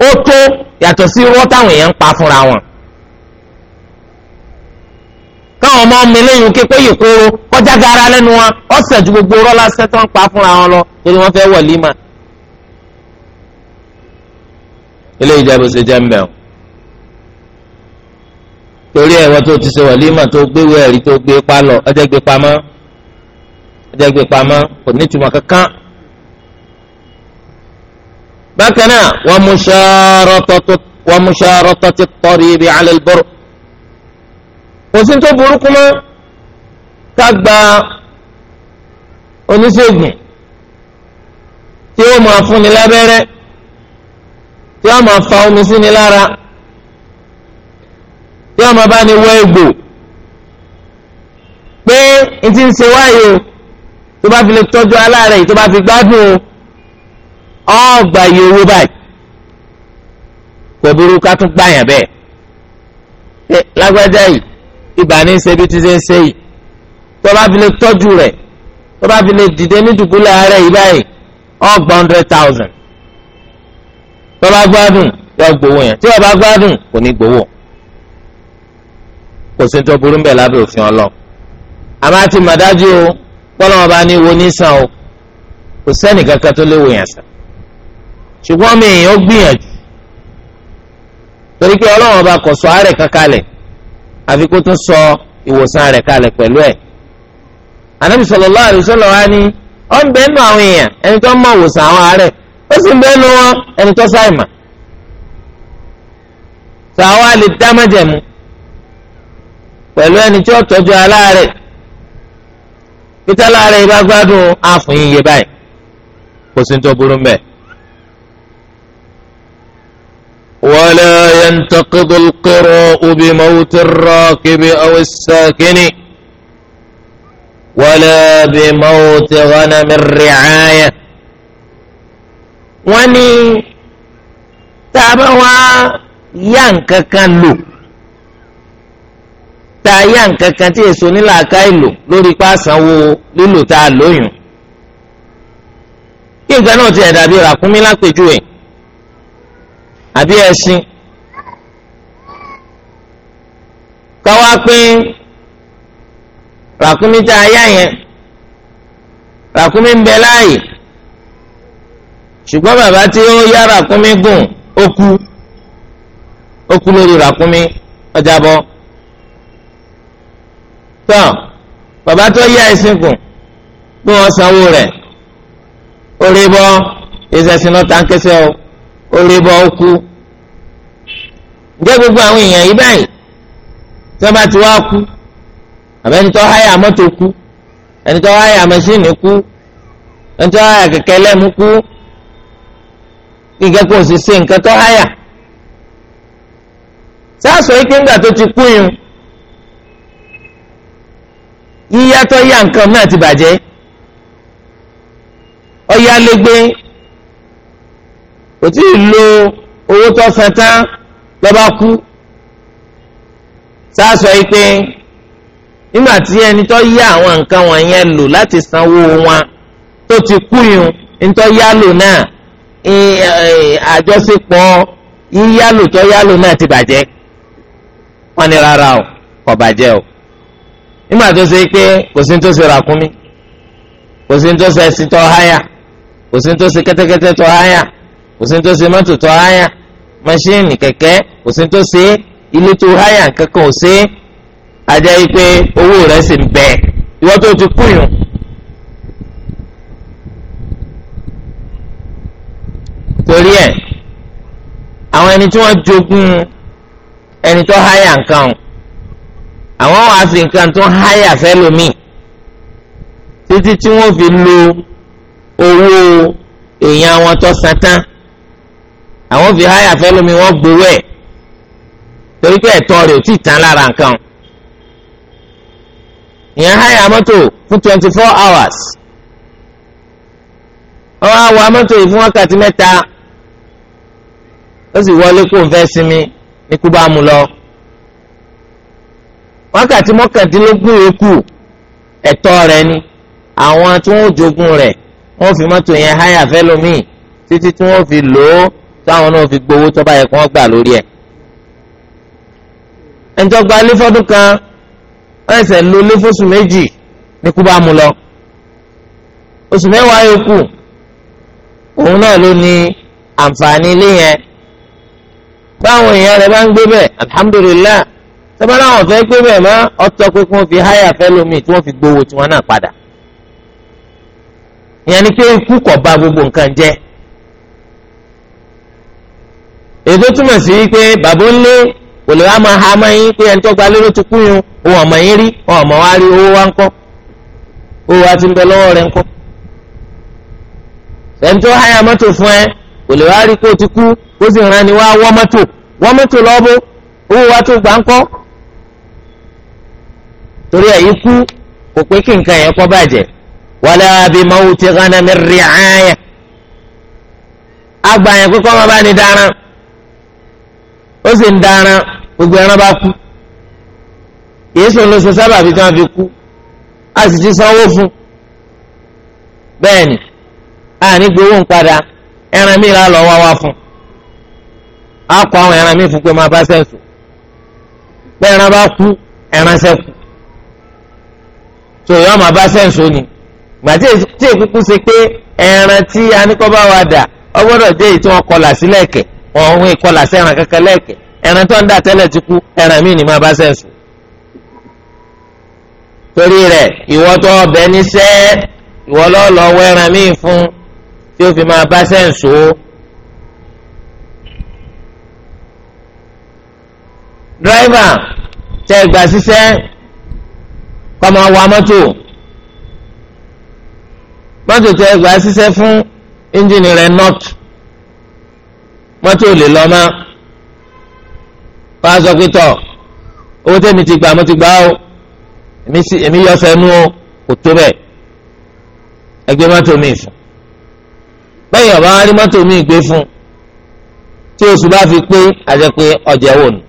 ó tó yàtọ̀ sí irọ́ táwọn èèyàn ń pa fúnra wọn. káwọn ọmọ mi lẹ́yìn kékeré yìí kóró kọjá gara lẹ́nu wọn ó sẹ̀ ju gbogbo rọ́ lásán ń pa fúnra wọn lọ torí wọ́n fẹ́ wọ̀límà. ilé ìjẹ́bù ṣe jẹ́ mbẹ́ o torí ẹ̀wọ́ tó ti ṣe wọ̀límà tó gbéwò ẹ̀rí tó gbé pa lọ ọjọ́ gbé pamọ́ ẹjẹ gbé pamọ́ kò ní ìtumọ̀ kankan. bákan náà wọ́n mú ṣàròtọ́ ti tọ́rí ibi alẹ́ bọ́rọ̀. kò sí tó burúkú mọ́ ká gba oníṣègùn tí ó máa fúnni lábẹ́rẹ́ tí ó máa fa omi sí ni lára tí ó máa bá ni wọ egbò pé n ń ṣe wáyé o tó bá fi lè tọ́jú aláàárẹ̀ yìí tó bá fi gbádùn ọgbà yìí owó báyìí kò burú ká tún gbàyàn bẹ́ẹ̀ ẹ lágbájá yìí ibà ní ṣe bí ti ṣe ń ṣe yìí tó bá fi lè tọ́jú rẹ̀ tó bá fi lè dìde ní dùbúlẹ̀ àárẹ̀ yìí báyìí ọgbà hundred thousand tó bá gbádùn yọ gbowó yẹn tí ọba gbádùn kò ní gbowó kò sí tó burú ń bẹ̀ lábẹ́ òfin ọlọ́ àmọ́ àti màdájú o. kpọ́lọ́ bá ní wo nísàn o kò sẹ́ni kankan tó léwu yẹn sàn ṣùgbọ́n mi èèyàn ó gbìyànjú torí pé ọlọ́wọ́n bá kọ̀ sọ àárẹ̀ kankalẹ̀ àfi kó tún sọ ìwòsàn rẹ̀ kalẹ̀ pẹ̀lú ẹ̀ anabi ni ọ ń àwọn èèyàn ẹni tó ń mọ ìwòsàn àwọn àárẹ̀ ó sì ń wọn ẹni tó nítẹ́lá rẹ̀ bá gbádùn àfún yín yé báyìí kò sí tó burú mbẹ́. wala yantaqidu al-qira'u bi mawti ar-rakibi aw as-sakini wala bi mawti ghanami ar-ri'aya. wọ́n ní tá a bá wá yá nǹkan kan lò. ta a yá nǹkan kan tí èso nílà nílàáká ìlò lórí pàṣánwó lílò tá a lóyún kí nǹkan náà ti ẹ̀ dàbí ràkúnmí lápèjúwe àbí ẹṣin káwá pé ràkúnmí tá a yá yẹn ràkúnmí ń bẹ láàyè ṣùgbọ́n bàbá tí ó yá ràkúnmí gùn ó kú ó kú lórí ràkúnmí ọjà bọ́. tán bàbá tó yá ẹ̀sìn kù bí wọ́n sanwó rẹ̀ ó rí bọ́ o ǹjẹ́ gbogbo àwọn èèyàn yìí báyìí bá ti wá kú háyà mọ́tò kú ẹni tó háyà mẹ́sìnì kú ẹni tó háyà kẹ̀kẹ́ lẹ́mú kú kíkẹ́ kò sì yíyàtọ̀ yá nǹkan náà ti bàjẹ́ ọ̀yálégbé kò tí ì lo owó tó san tán lọ́ba kú sáàsọ yìí pé nígbà tí ẹni tó yá àwọn nǹkan wọ̀nyẹn lò láti sanwó wọn tó ti kú yùn nítọ́ yálò náà àjọṣepọ̀ yíyálò tó yálò náà ti bàjẹ́ wọ́n ní rárá o kò bàjẹ́ o. Ima tó ṣe pé kò sí tó ṣe ràkúnmí kò sí tó ṣe ẹṣin tó háyà kò sí tó ṣe kẹ́tẹ́kẹ́tẹ́ tó háyà kò sí tó ṣe mọ́tò tó háyà mọ́ṣíìnì kẹ̀kẹ́ kò sí tó ṣe ilé tó haya kankan ò ajá yìí pé owó rẹ̀ sì ń bẹ ìwọ tó ti kúyùn. torí ẹ̀ àwọn ẹni tí wọ́n jogún ẹni tó háyà nǹkan o àwọn wàá sí nǹkan tó háyà fẹ́lómi títí tí wọ́n fi lo owó èèyàn wọn tó san tán àwọn fi háyà fẹ́lómi wọ́n gbowó ẹ̀ torí pé ẹ̀tọ́ rẹ̀ ò tí ì tán lára nǹkan ìyẹn háyà mọ́tò fún twenty four hours wọ́n á wa mọ́tò yìí fún wákàtí mẹ́ta ó sì wọlé kó n fẹ́ sinmi ní kú bá mu lọ wákàtí mọ́kàndínlógún yòókù ẹ̀tọ́ rẹ ni àwọn tí wọ́n jogun rẹ̀ wọ́n fi mọ́tò yẹn háyà fẹ́lómìn títí tí wọ́n fi lò ó táwọn náà fi gbowó tó bá yẹ kó wọ́n gbà lórí ẹ̀. ẹ̀ńtọ́ gba ilé fọ́dún kan wọ́n ẹ̀sẹ̀ lo ilé méjì ní kú bá mu lọ. oṣù mẹ́wàá yòókù òun náà ló ní àǹfààní ilé yẹn. báwọn èèyàn rẹ̀ bá ń gbé bẹ́ẹ̀ alhamdulillah sọ́bàá náà wọ́n fẹ́ gbé bẹ́ẹ̀ mọ́ ọtọ́ pé kí wọn fi háyà fẹ́ lómi tí wọ́n fi gbowó tí náà padà. ìyẹn ni pé kọ gbogbo nǹkan jẹ èso túmọ̀ sí pé bàbá ńlé kò lè wá máa ha máa yín pé ẹni tó gba lérò ti kú yun òun ọ̀mọ̀ yín rí òun ọ̀mọ̀ wá rí owó wá ń kọ́ owó wá ti torí ẹ̀ ikú kò pé kí nǹkan yẹn kọ́ bàjẹ́ wala bi mawti ghanami ri'aya àgbà yẹn kó kọ́ bá ní dáná ó sì ń gbogbo ẹran bá kú kìí sùn ló ṣe sábà fi tí fi kú a sì ti sanwó fún bẹ́ẹ̀ ni a ní gbowó ń padà ẹran mi là wá wá fún a kọ àwọn ẹran mi so yọọ ma bá sẹ́ǹsì ni gbà tí èkúkú ṣe pé ẹran tí anikọ́bá wa dà ọgbọ́dọ̀ dé èyí tí wọ́n kọlà sí lẹ́ẹ̀kẹ́ ọ̀hún ìkọlà sẹ́ran kankan lẹ́ẹ̀kẹ́ ẹran tó ń dà tẹ́lẹ̀ ti kú ẹran míì ni ma bá sẹ́ǹsì. torí rẹ̀ ìwọ tó ọbẹ̀ níṣẹ́ ìwọ lọ́ọ̀lọ́ wọ ẹran míì fún tí ó fi máa bá sẹ́ǹsì o. dírẹ́fà tẹ gbà síṣẹ́ kọ́ máa wa mọ́tò mọ́tò tẹ gbà á ṣiṣẹ́ fún ẹ́ńjìnì rẹ̀ nọ́t mọ́tò lè lọ mọ́ wọ́n á sọ pé tọ̀ owó tẹ̀mí ti gbà mo ti gbà ó èmi yọ fẹ́nu o kò tó bẹ́ẹ̀ ẹgbẹ́ mọ́tò mi fún bẹ́ẹ̀ yọ̀ bá rí mọ́tò mi gbé fún tí oṣù bá fi pé àjẹpé ọjà wò nù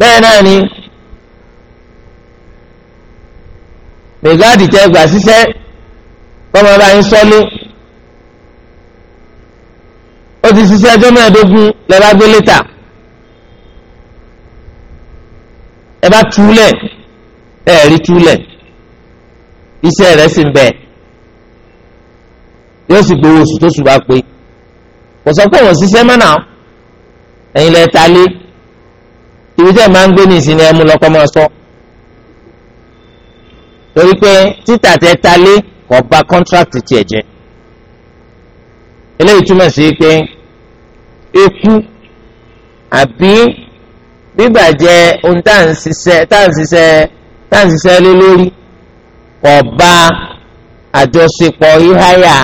bẹ́ẹ̀ náà ni rìgáàdì tẹ gbà síṣẹ́ kọ́mọ bá yín sọ́lé ó ti ṣiṣẹ́ ọjọ́ mẹ́ẹ̀ẹ́dógún lẹ́bàá gbé létà ẹ bá túlẹ̀ ẹ rí túlẹ̀ iṣẹ́ rẹ̀ sì ń bẹ yóò sì gbowó oṣù tó ṣùgbọ́n pé kò sọ pé wọ́n ṣiṣẹ́ mọ́nà ẹ̀yin lẹ́ẹ̀ta lé ibi tẹ́ ẹ̀ máa ń gbé ní ìsinmi ẹ̀ mú lọ́kọ́ máa sọ torí pé títà tẹ talé kò bà contract tiẹ̀ jẹ́ eléyìí túmọ̀ sí pé eku àbí bíbàjẹ́ ohun tá à ń ṣiṣẹ́ tá à ń ṣiṣẹ́ tá à ń ṣiṣẹ́ lé lórí kò bà àjọṣepọ̀ híháyà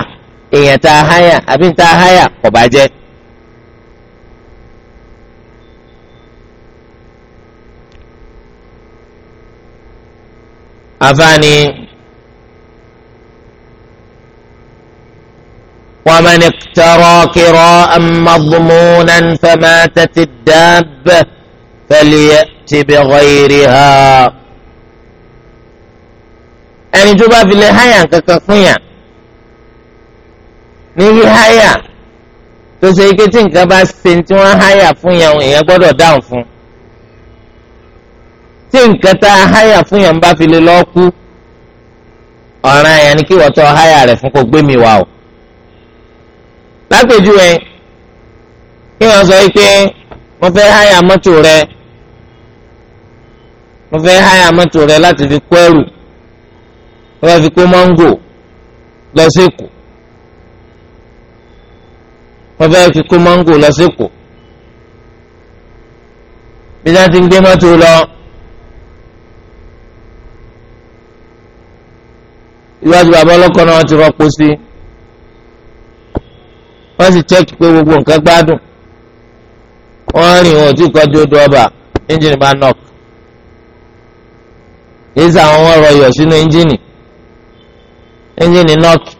èèyàn tá a háyà àbí tá a háyà kò bà jẹ́. afaani ومن اقترى كراء مضمونا فماتت الدابة فليأت بغيرها ẹni tó bá fi lè háyà kankan fún yà níbi háyà tó ṣe ike tí nǹkan bá ṣe tí wọ́n háyà fún yà òun èèyàn gbọ́dọ̀ dáhùn fún un tí nǹkan tá a háyà fún yàn bá fi lè lọ kú ọ̀ràn yẹn ni kí wọ́n tọ́ háyà rẹ̀ fún kó gbé mi wá o. lápèjúwe kí wọ́n sọ pé mo fẹ́ háyà mọ́tò rẹ mo fẹ́ háyà mọ́tò rẹ láti fi kó ẹrù mo fẹ́ fi kó mọ́ngò lọ sí Èkó fẹ́ fi kó mọ́ngò lọ sí bí wọ́n ti ń gbé mọ́tò lọ iwájú bàbá ọlọ́kọ náà wọ́n ti rọ́pò sí wọ́n sì chẹ́kì pé gbogbo nǹkan gbádùn wọ́n rìn wọn ò tí kọjú odò ọba ẹ́ńjìnì bá nọ́ọ̀k kìí sọ àwọn wọn rọyọ̀ sínú ẹ́ńjìnì ẹ́ńjìnì nọ́ọ̀kì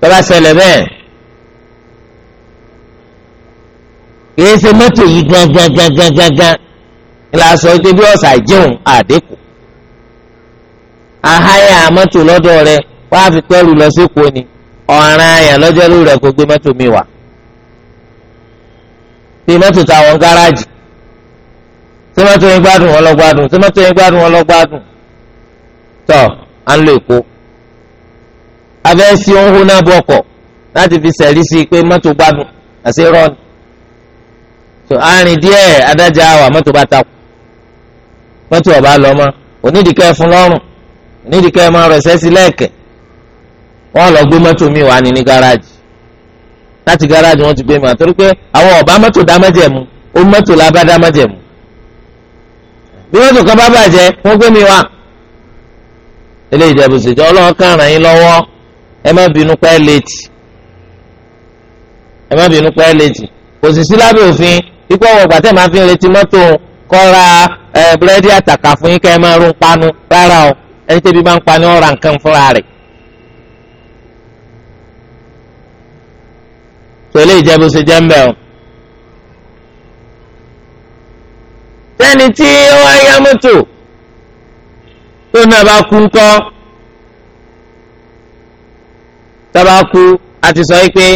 tọ́lá ṣẹlẹ̀ bẹ́ẹ̀ kìí ṣe mọ́tò yìí gangan gangan gangan ìlà sọ pé bí ọ̀sà jẹun àdínkù. àháyà mọ́tò lọ́dọ̀ rẹ wàá fi pẹ́rù lọ sépo ni ọ̀ràn àyàn lọ́jọ́ lórí rẹ kò gbé mi wá. bí mọ́tò táwọn gáràjì tí mọ́tò yẹn gbádùn wọn lọ gbádùn tí mọ́tò yẹn gbádùn wọn lọ gbádùn à ń lo èkó. abẹ́ sí ohun bọ̀ ọkọ̀ láti fi sẹ̀rí sí i pé mọ́tò gbádùn àti rọ́ọ̀nù. tó àárín díẹ̀ adájà wà mọ́tò bá mọ́tò ọ̀bá lọ́mọ onídìí kẹ́ fún lọ́rùn nídìí kẹ́ ẹ máa rẹ̀ sẹ́sí lẹ́ẹ̀kẹ́ wọ́n lọ gbé mọ́tò mi wá ní ní gáràjì láti gáràjì wọ́n ti gbé mi wá torí pé àwọn ọ̀bá mọ́tò dá mọ́jẹ̀mú ó mọ́tò la bá dá mọ́jẹ̀mú bí mọ́tò kan bá bàjẹ́ wọ́n gbé mi wá eléyìí dẹ̀ bó ṣe jẹ́ lọ́wọ́ ẹ má bínú pẹ́ létí ẹ má bínú òfin ikú ọ̀wọ̀ gbàtẹ́ máa fi retí mọ́tò kọ́ra búrẹ́dì àtàkà ẹni tẹ́bi bá ń pa ni ó ra nǹkan fúnra rẹ̀. tẹ̀lé ìjẹ́bù ṣe jẹ́ mbẹ́ o. sẹ́ni tí ó wá yá mọ́tò tó náà bá kú ńkọ́ tọ́ba kú a ti sọ pé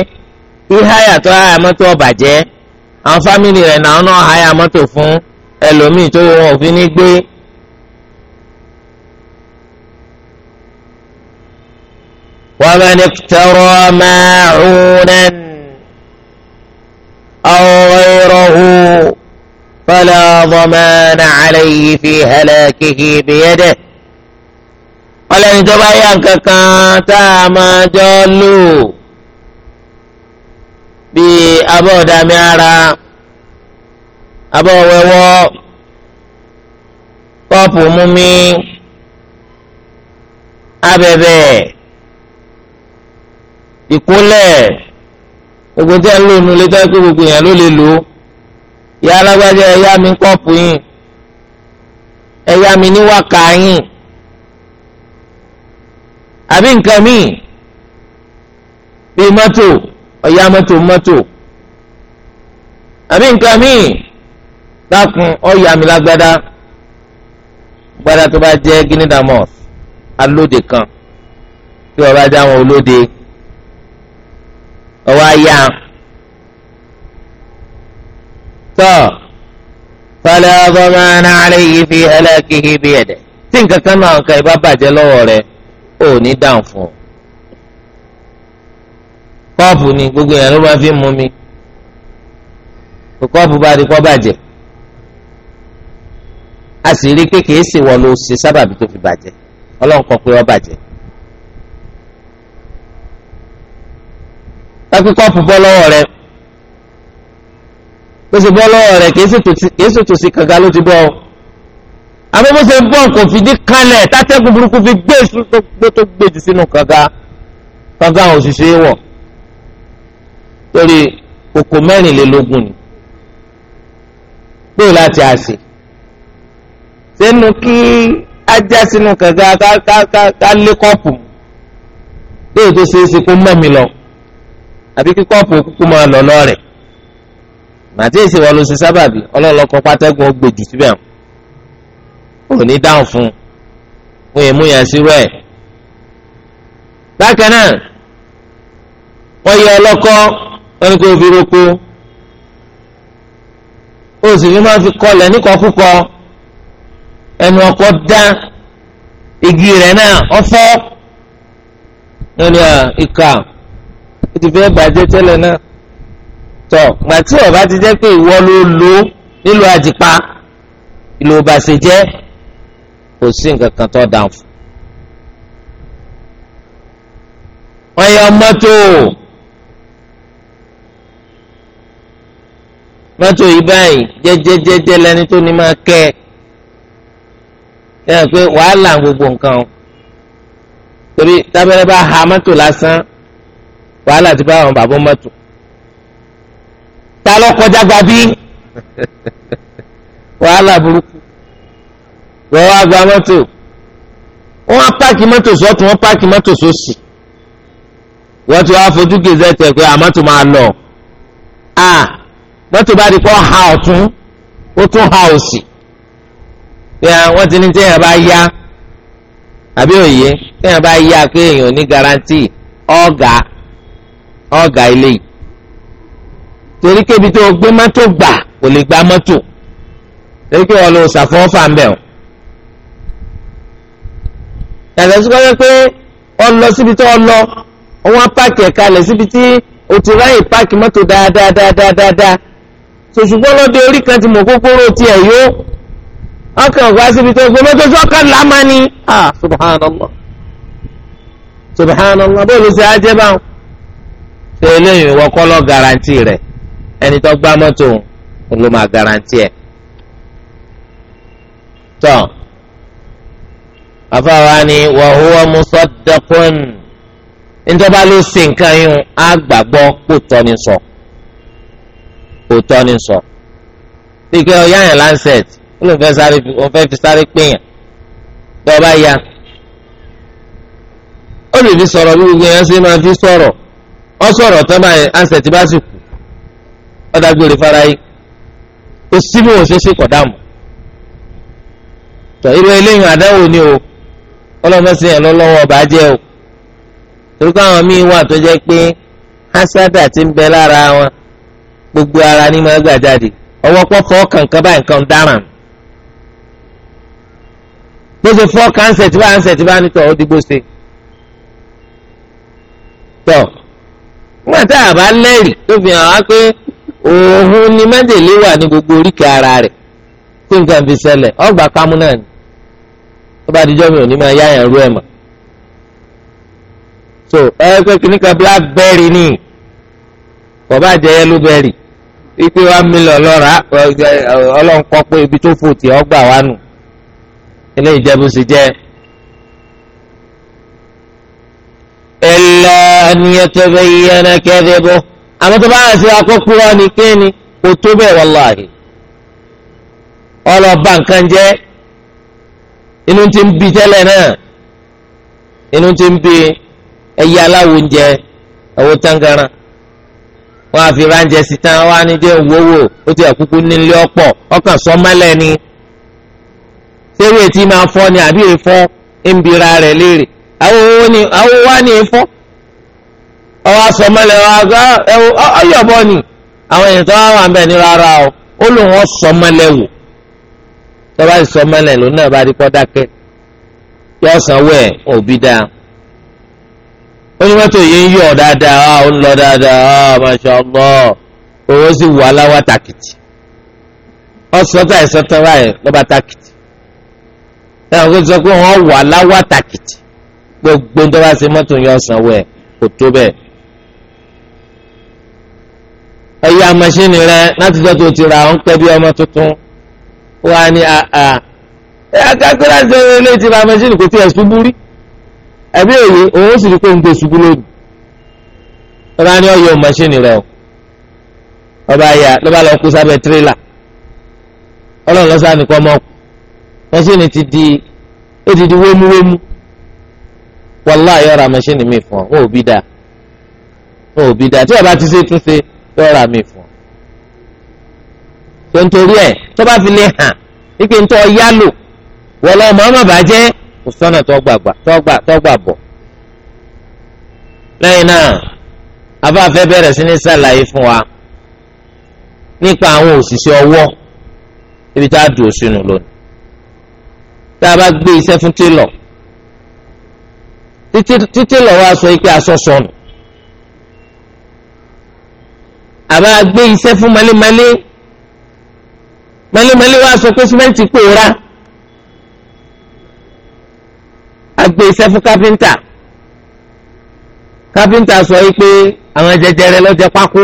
híháyà tó háyà mọ́tò ọ̀bàjẹ́ àwọn fámìlì rẹ̀ náà náà háyà mọ́tò fún ẹlòmíì tó wọn ò fi ní gbé. ومن اقترى ماعونا أو غيره فلا ضمان عليه في هلاكه بيده قال ان تبايان ككاتا ما جلو بابو ابو دامارا ابو ويو قابو ممي ابي بي ìkólẹ̀ gbogbo tí a ń lò nù lè tẹ́ pé gbogbo èèyàn ló lè lò ó ìyá alágbájá ẹ̀yá mi kọ́ọ̀pù yìí ẹ̀yá mi ní wákà yìí àbí nǹkan míì bíi mọ́tò ọ̀yá mọ́tò mọ́tò àbí nǹkan míì dákun ọ̀yá mi lágbádá gbádá tó bá jẹ́ guinea damos alóde kan bí ọba já wọn olóde. ọwọ ayá tọ́ fọlẹ́ ọgbọ́ máa ná yìí fi ẹlẹ́kìhí bí ẹdẹ tí nǹkan náà nǹkan ìbá bàjẹ́ lọwọ rẹ̀ ò ní dáhùn fún ọ. ni gbogbo ló máa fi mú mi kọ́ọ̀pù bá di baje. a sì rí si sì wọ́n ló ṣe fi baje, ọlọ́run pé kápẹ́ kọ́ọ̀pù bọ́ lọ́wọ́ rẹ bó ṣe bọ́ lọ́wọ́ rẹ kìí ṣètò sí kankan ló ti bọ́ ọ àmọ́ bó ṣe bọ́ kò fìdí kalẹ̀ tátẹ́gùn burúkú fi gbé èso tó tó gbèjì sínú kankan kankan àwọn òṣìṣẹ́ wọ̀ torí kòkò mẹ́rìnlélógún ni gbé láti àṣì sínú kí ajá sínú kankan ká lé kọ́ọ̀pù gbé ètò ṣeéṣe kó mẹ́mi lọ àbí kíkọ́ọ̀pù òkúkú máa lọ lọ́rẹ̀ màtí èsì wọn ló ṣe sábàbí ọlọ́lọ́kọ pátẹ́gùn ògbèjì síbẹ̀ ò ní dáhùn fún un èèmú yẹn sírú ẹ̀. bákan náà wọ́n yẹ ọlọ́kọ wọn ni kò fi roko ó sì fi máa fi kọlẹ̀ níkọ̀ọ́kúkọ ẹnu ọkọ dá igi rẹ̀ náà ọ̀fọ́ lónìí ìka ti fẹ́ bàjẹ́ tẹ́lẹ̀ náà tọ gbà tí ọba ti jẹ́ pé ìwọ ló lo nílò àdìpá ìlò bàṣẹ jẹ́ kò sí nǹkan kan tó dáhùn fún. wọ́n yọ mọ́tò mọ́tò yìí báyìí jẹ́jẹ́jẹ́jẹ́ lẹ́ni tó ní máa kẹ́ ẹ lẹ́yìn pé wàhálà gbogbo nǹkan o torí tábẹ́rẹ́ bá ha mọ́tò lásán wàhálà ti bá àwọn bàbá mọ́tò ta ló kọjá gba bí wàhálà burúkú wọ́n wá gba mọ́tò wọ́n á páàkì mọ́tò sọ́tún wọ́n páàkì mọ́tò sósì wọ́n ti wá fojú gèzè tẹ̀ pé àmọ́tò máa lọ à mọ́tò bá di kọ́ ha ọ̀tún ó tún ha òsì wọ́n ti ní téèyàn bá yá àbí òye téèyàn bá yá kéèyàn ní garanti ọ̀gá ọ̀gá eléyìí torí kébi tó o gbé mọ́tò gbà kò lè gba mọ́tò torí pé wọ́n lọ ṣàfọ́fà ń bẹ̀ ọ́. yàtọ̀ sí kọ́jọ́ pé ọ lọ síbi tó ọ lọ wọ́n páàkì ẹ̀ka lẹ̀ síbi tí o ti ráyè páàkì mọ́tò dáadáa dáadáa dáadáa ṣùṣùgbọ́n lọ́dẹ orí kan ti mọ̀ kókóró tiẹ̀ yó ọkàn wá síbi tó gbé mọ́tò sọ́kàn lámà ni ah subhanallah subhanallah bó ló ṣe á báwọn pé eléyìí ìwọ kọ́ lọ garanti rẹ̀ ẹni tó gbá mọ́tò ló máa garanti ẹ̀. tọ́ afáwa ni wa huwa musaddaqun ntọ́ba ló ṣe nǹkan yìí á gbàgbọ́ kó tọ́ ni sọ kó tọ́ ni sọ. bí kí ọ̀yá yẹn lancet ó lè fẹ́ fi sáré pèèyàn tọ́ba ya ó lè fi sọ̀rọ̀ bí gbogbo yẹn ṣe máa fi sọ̀rọ̀. ọ sọ̀rọ̀ tán báyìí ansẹ̀ bá sì kù ọ̀dàgbére faraye kò sí bí wọ́n ṣe kọ̀ dààmú. tọ́ irú ni o ẹ̀ lọ́wọ́ ọba jẹ́ o torí àwọn míín wà tó jẹ́ pé ti ń bẹ lára wọn gbogbo ara ní máa jáde ọwọ́ pọ́ kankan báyìí kan dáràn ṣe fọ́ bá nígbà tá a bá lẹ́rìí tó fi hàn wá pé òun ni májèlé wà ní gbogbo oríkèé ara rẹ̀ tí nǹkan fi ṣẹlẹ̀ ọgbà kámú náà ni tó bá mi so ẹ pé kìnnìkan blackberry ni kò bá jẹ berry ipe wa lora lọ́ra pé ibi tó fò tí ọgbà wa nù ilé أن يتبين كذبه àmọ́ tó bá hàn sí akọ́kúrọ́ ni kéènì kò tó bẹ́ẹ̀ wàláhì ọlọ́ba nǹkan jẹ́ inú ti ń bi tẹ́lẹ̀ náà ti ń bi ti àkúkú nílé ọ̀pọ̀ ọkàn ni ṣé tí máa fọ́ ni àbí èèfọ́ wa ni èèfọ́. ọwọ́ asọ̀mọ́lẹ̀ wa gan ẹ̀wọ̀ ọ̀yọ̀bọ ni àwọn èèyàn tó wá wà bẹ́ẹ̀ ní rárá o ó lò wọ́n sọ̀mọ́lẹ̀ wò tó bá ti sọ̀mọ́lẹ̀ ló náà bá rí kọ́ dákẹ́ yọ sanwó ẹ̀ òbí dáa onímọ́tò yìí ń yọ̀ dáadáa ó ń lọ dáadáa a masha owó sì wà láwá takìtì ọ̀sọ́tà ìsọ́tà báyìí lọ́ba takìtì táwọn kò sọ pé wọ́n wà láwá takìtì gbogbo ń tọ́ bá ṣe mọ́tò yọ sanwó ẹ̀ kò tó bẹ́ẹ̀ ẹ̀yà mọ́ṣínì rẹ láti jọ́ tó ti ra ọ̀hún pẹ́ bí ọmọ tuntun wà ní àà ah, ah. ẹ akákẹ́ láti ṣe ilé ti ra mọ́ṣínì kò tí ẹ̀ ṣubú rí ẹ̀bí òye òun sì rí pé òun gbé ṣubú lónìí ọba ní ọyọ mọ́ṣínì rẹ o ọba yà lọ́ba lọ kú sábẹ́ tírélà ọlọ́run lọ́sàn nìkan mọ́ mọ́ṣínì ti di ó ti di wémúwémú wàláyọ̀ ra mọ́ṣínì mi fún ọ wọn ò bí dáa wọn ò bí dáa tí ọba ti ṣe túnṣe yóò rà mí fún tó ń torí ẹ̀ tó bá fi lè hàn wípé ń tọ́ yálò wọlé ọmọ ọmọ bàjẹ́ kò sọ́nà tó gbàgbà tó gbà bọ̀ lẹ́yìn náà abáfẹ́ bẹ̀rẹ̀ sí ní sàlàyé fún wa nípa àwọn òṣìṣẹ́ ọwọ́ ibi tá a dùn òṣìnù lónìí tá a bá gbé iṣẹ́ fún télọ̀ títí lọ́wọ́ aṣọ yìí aṣọ sọnù àbá gbé iṣẹ́ fún mọ́lẹ́mọ́lẹ́ mọ́lẹ́mọ́lẹ́ wàá sọ pé símẹ́ǹtì pòórá àgbé iṣẹ́ fún káfíńtà káfíńtà sọ yìí pé àwọn jẹjẹrẹ lọ́jọ́ pákó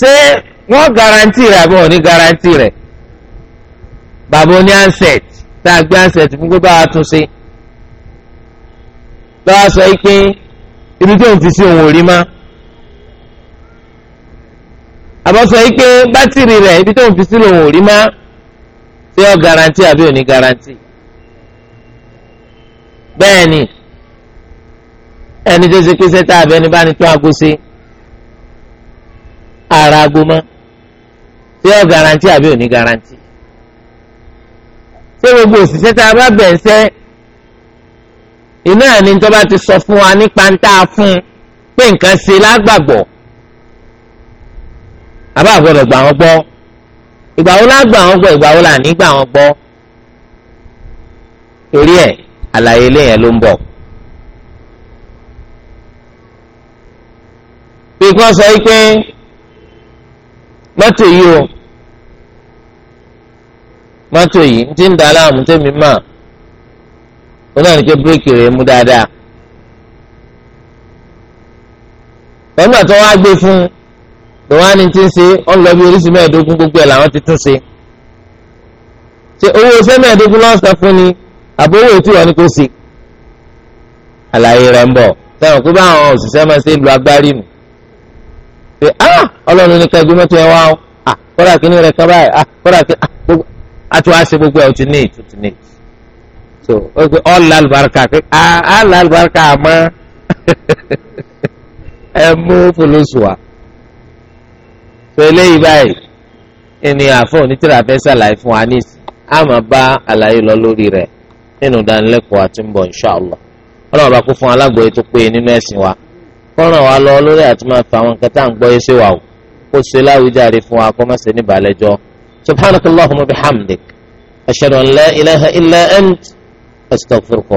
ṣé wọ́n garanti rẹ̀ àbí wọ́n ní garanti rẹ̀ bàbá oní ansẹ̀t tá a gbé ansẹ̀t fún gbogbo àwọn àtúnṣe lọ́wọ́ sọ yìí pé ibi tó ń fi sí òun ò rí máa àbọ̀sọ yìí pé bátìrì rẹ̀ ibi tó ń fi sí lòun ò rí má ṣé ọ garanti àbí ò garanti bẹ́ẹ̀ ni ẹni tó ṣe pé sẹ́tà abẹ́ni bá ní tó aago ṣe ara aago mọ́ ṣé ọ garanti àbí ò garanti ṣé gbogbo òṣìṣẹ́ tá a bá bẹ̀ ń sẹ́ iná ẹni tó bá ti sọ fún wa nípa ń tá a fún un pé nǹkan ṣe lágbàgbọ́ àbá àgbọ̀dọ̀ gbà wọ́n gbọ́ ìgbà wo la gbà wọ́n gbọ́ ìgbà wo la ní gbà wọ́n gbọ́ torí ẹ̀ àlàyé lẹ́yìn ló ń bọ̀. bí sọ pé mọ́tò yìí o mọ́tò yìí ti ń da aláàmú tẹ́mi mọ́ ọ náà ní pé bíréèkì rẹ̀ mú dáadáa. pẹ̀lú àtọ́wọ́ á fún un ìwádìí ti ń ṣe ọ̀n lọ bí oríṣi mẹ́ẹ̀ẹ́dógún gbogbo ẹ̀ làwọn ti tún ṣe. ṣé owó iṣẹ́ mẹ́ẹ̀ẹ́dógún lọ́sàn fún ni àbí owó ètò ìwọ́n ni kò ṣe. àlàyé rẹ̀ ń bọ̀ sẹ́wọ̀n pé báwọn òṣìṣẹ́ máa ṣe lu agbárí nù. pé ah ọlọ́run ní kẹgbẹ́ mọ́tò ẹ̀ wá ọ́ ah kọ́dà kí ni rẹ̀ kọ́ báyìí ah kọ́dà kí ah, a ti wá ṣe gbogbo ẹ̀ ọ̀tún ní ìtútù ní ìtú. so ó pe ah àlà àlùbáríkà àmọ́ ẹ mú fòlóṣùwà. tẹ̀lé yìí báyìí ẹni àfọ onítìrà fẹ́ sàlàyé fún wa ní àmọ́ bá àlàyé lọ lórí rẹ̀ nínú ìdánilẹ́kọ̀ọ́ àti ń bọ̀ inṣàlá ọlọ́run bá kó fún alágbọ̀ọ́yé tó péye nínú ẹ̀sìn wa kọ́ràn wa lọ lórí àti máa fa àwọn nǹkan ń sí wa o kó ṣe láwùjáre fún wa kó má ṣe níbàlẹ́jọ́ subhanaka allahumma bihamdik ashhadu an la ilaha illa ant astaghfiruka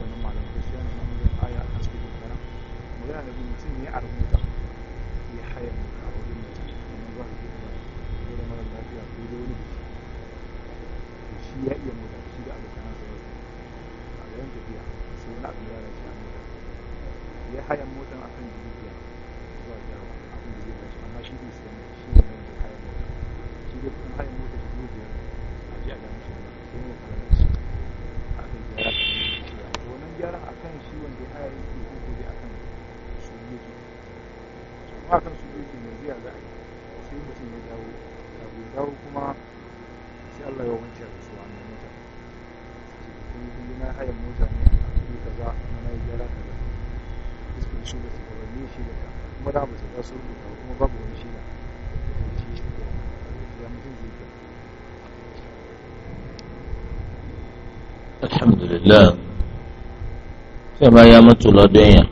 الحارث في كتب أكم سنته وأكم سنته يبيع بعد sai mutum ya dawo da dawo kuma sai Allah ya wanke da su wannan mota sai kun na hayan mota ne a cikin kaza na yi gyara kaza iskin shi da shugabanni shi da kuma da ba su ga su rubuta kuma babu wani shi da shi ya mutum zai ga الحمد لله tí wọn bá yá mọ́tò lọ́dọ̀ èèyàn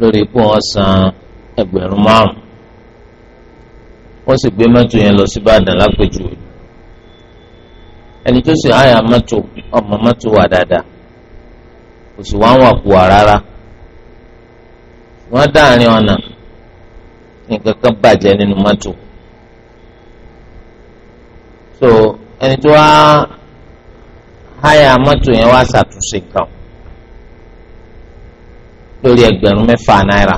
lórí ipò wọn san ẹgbẹ̀rún márùn wọ́n sì gbé mọ́tò yẹn lọ sí Ìbàdàn lápèjúwe ẹni tó sì háyà mọ́tò ọmọ mọ́tò wà dáadáa kò sì wá ń wà kú wà rárá wọ́n dáàrin ọ̀nà nǹkan kan bàjẹ́ nínú mọ́tò so ẹni tó wá haya mọ́tò yẹn wá ṣàtúnṣe kan lórí ẹgbẹ̀rún mẹ́fà náírà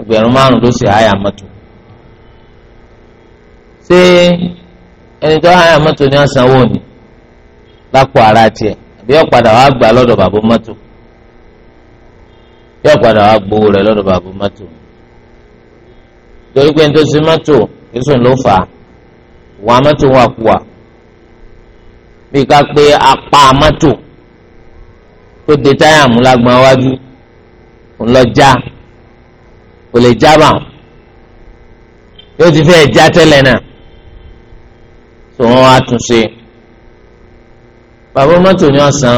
ẹgbẹ̀rún márùn ló sì háyà mọ́tò ṣé ẹni tó háyà mọ́tò ní àsanwó ni lápò ara tiẹ̀ àbí ọ̀padà wàá gbà lọ́dọ̀ bàbá mọ́tò bí ọ̀padà wàá gbowó rẹ̀ lọ́dọ̀ bàbá mọ́tò torí pé ní tó ṣe mọ́tò yìí ló fà bí ká pé apá mọ́tò tó de táyà mú lágbọ́n wájú ńlọjá kò lè já bá yóò ti fẹ́ já tẹ́lẹ̀ náà tó wọ́n wá tún ṣe bàbá mọ́tò ni wọ́n san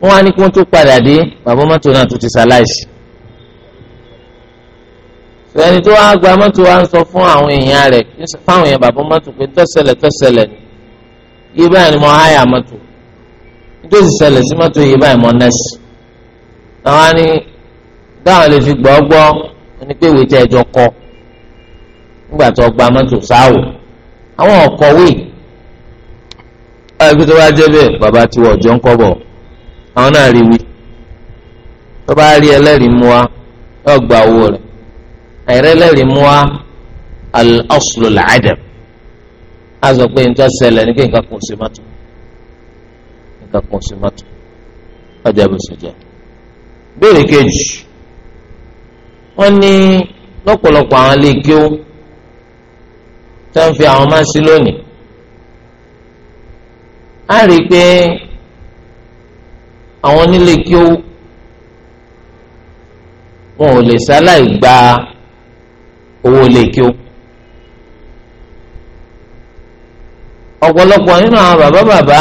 wọ́n á ní kí wọ́n tó padà dé bàbá mọ́tò náà tó ti ṣaláìsí sọ ẹni tó wá gba mọ́tò wa ń sọ fún àwọn èèyàn rẹ̀ fáwọn èèyàn bàbá mọ́tò pé tọ́sẹ̀lẹ̀ tọ́sẹ̀lẹ̀ ni iye báyìí ni mo háyà mọ́tò nítorí ṣẹlẹ̀ sí mọ́tò iye báyìí mo nẹ́sì àwọn á ní táwọn lè fi gbọ́ gbọ́ ní pé ìwé tí ẹjọ́ kọ nígbà tó gba mọ́tò sáwò àwọn ọ̀kọ̀wé ẹgbẹ́ tó bá jẹ́ bẹ́ẹ̀ bàbá tí wọ́n jọ ń kọ́ bọ̀ àwọn náà rí wí tó bá rí ẹlẹ́rìí mú wa yóò gba owó rẹ̀ àìrẹ́lẹ́rìí mú wa al-aslu á sọ pé nǹkan ṣẹlẹ̀ ní kí nǹkan kan ṣe mọ́tò nǹkan kan ṣe mọ́tò ọjà bó ṣe jẹ́. béèrè kejì wọ́n ní lọ́pọ̀lọpọ̀ àwọn ilé kíó tó ń fi àwọn máa sí lónìí á rí i pé àwọn onílé kíó wọn ò lè sáláì gba owó ilé kíó. ọ̀pọ̀lọpọ̀ nínú àwọn bàbá bàbá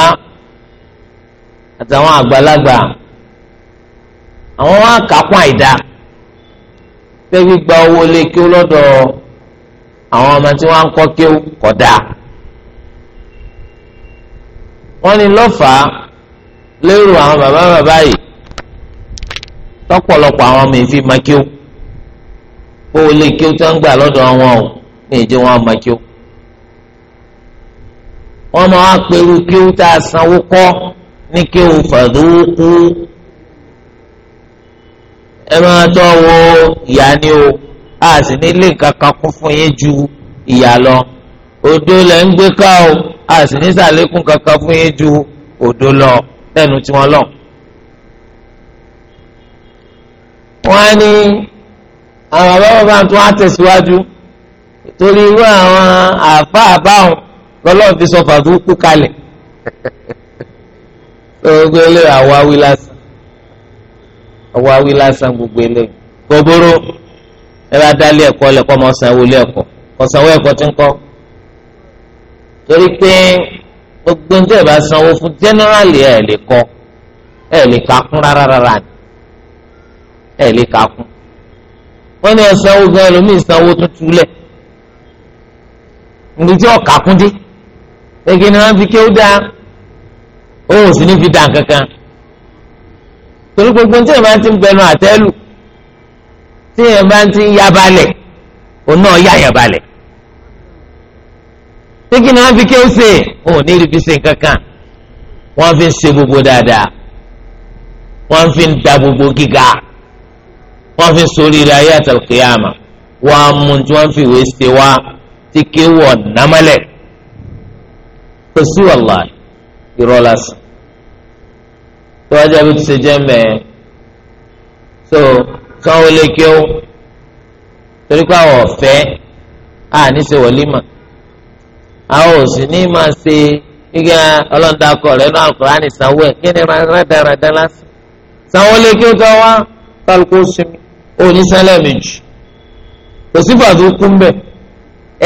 àtàwọn àgbàlagbà àwọn wọn àkàkùn àìdá fẹ́ gbígba owó lé kí ó lọ́dọ̀ àwọn ọmọ tí wọ́n ń kọ́ kí ó kódà wọ́n ní lọ́fàá lérò àwọn bàbá bàbá yìí tọ́pọ̀lọpọ̀ àwọn ọmọ ìfi máa kí ó owó lé kí ó tó gbà lọ́dọ̀ wọn ò ní ìdí wọn máa kí ó wọn máa wá pẹ̀lú kíw tá a sanwó kọ́ ní kíw fàdúkú ẹ máa tọ́ wo ìyá ni o a sì nílé nǹkan kan kún fún yín ju ìyá lọ òdo lẹ̀ ń gbé ká o a sì ní sàlékún kankan fún yín ju òdo lọ lẹ́nu tí wọ́n lọ. wọ́n ní àwọn bàbá bá ń tún á tẹ̀síwájú torí irú àwọn àfa àbáhùn lọ́lọ́run fi sọ fàdú kú kalẹ̀ gbogbo eléyìí àwáwí lásán àwáwí lásán gbogbo eléyìí gbogbooro ẹ bá dálé ẹ̀kọ́ lẹ́kọ́ ọmọ sanwó ilé ẹ̀kọ́ ọ̀sánwó ẹ̀kọ́ ti ń kọ́ torí pé gbogbo ní ẹ̀ bá sanwó fún jẹ́nẹ́rálì ẹ̀ lè kọ́ ẹ̀ lè kakún rárá rárá ẹ̀ lè kakún wọ́n ní ẹ̀ sanwó gan ẹlòmíì sanwó tuntun lẹ̀ ǹdí tí ọ̀kà ege ni wọn fi ké ó dáa òun ò sì ní fi dà kankan torí gbogbo tí èèyàn bá ti ń bẹnu àtẹ́lù tí èèyàn bá ti ń ya balẹ̀ òun náà yà yàn balẹ̀ ege ni wọn fi ké ó sè òun ò ní rí fi sè kankan wọn fi ń ṣe gbogbo dáadáa wọn fi ń da gbogbo gíga wọn fi ń sori rẹ ayé àtàlùkìyàmà wọn mú tí wọn fi wé ṣe wá tí kéwọ námálẹ̀ kò sí wàhálà irọ́ lásán tó wájà bí ti ṣe jẹ́ mẹ́ẹ̀ so sanwó lè kí ó torí pé àwọn ọ̀fẹ́ àní ṣe wọ̀límà àwọn ò sì ní máa ṣe gíga ọlọ́dàkọ̀ rẹ̀ náà Kùránì sanwó ẹ̀ kí ni rádaràdà lásán sanwó lè kí ó tọ́ wá kálukú sinmi òní sálẹ̀ méjì kò sí bàtú kú mbẹ́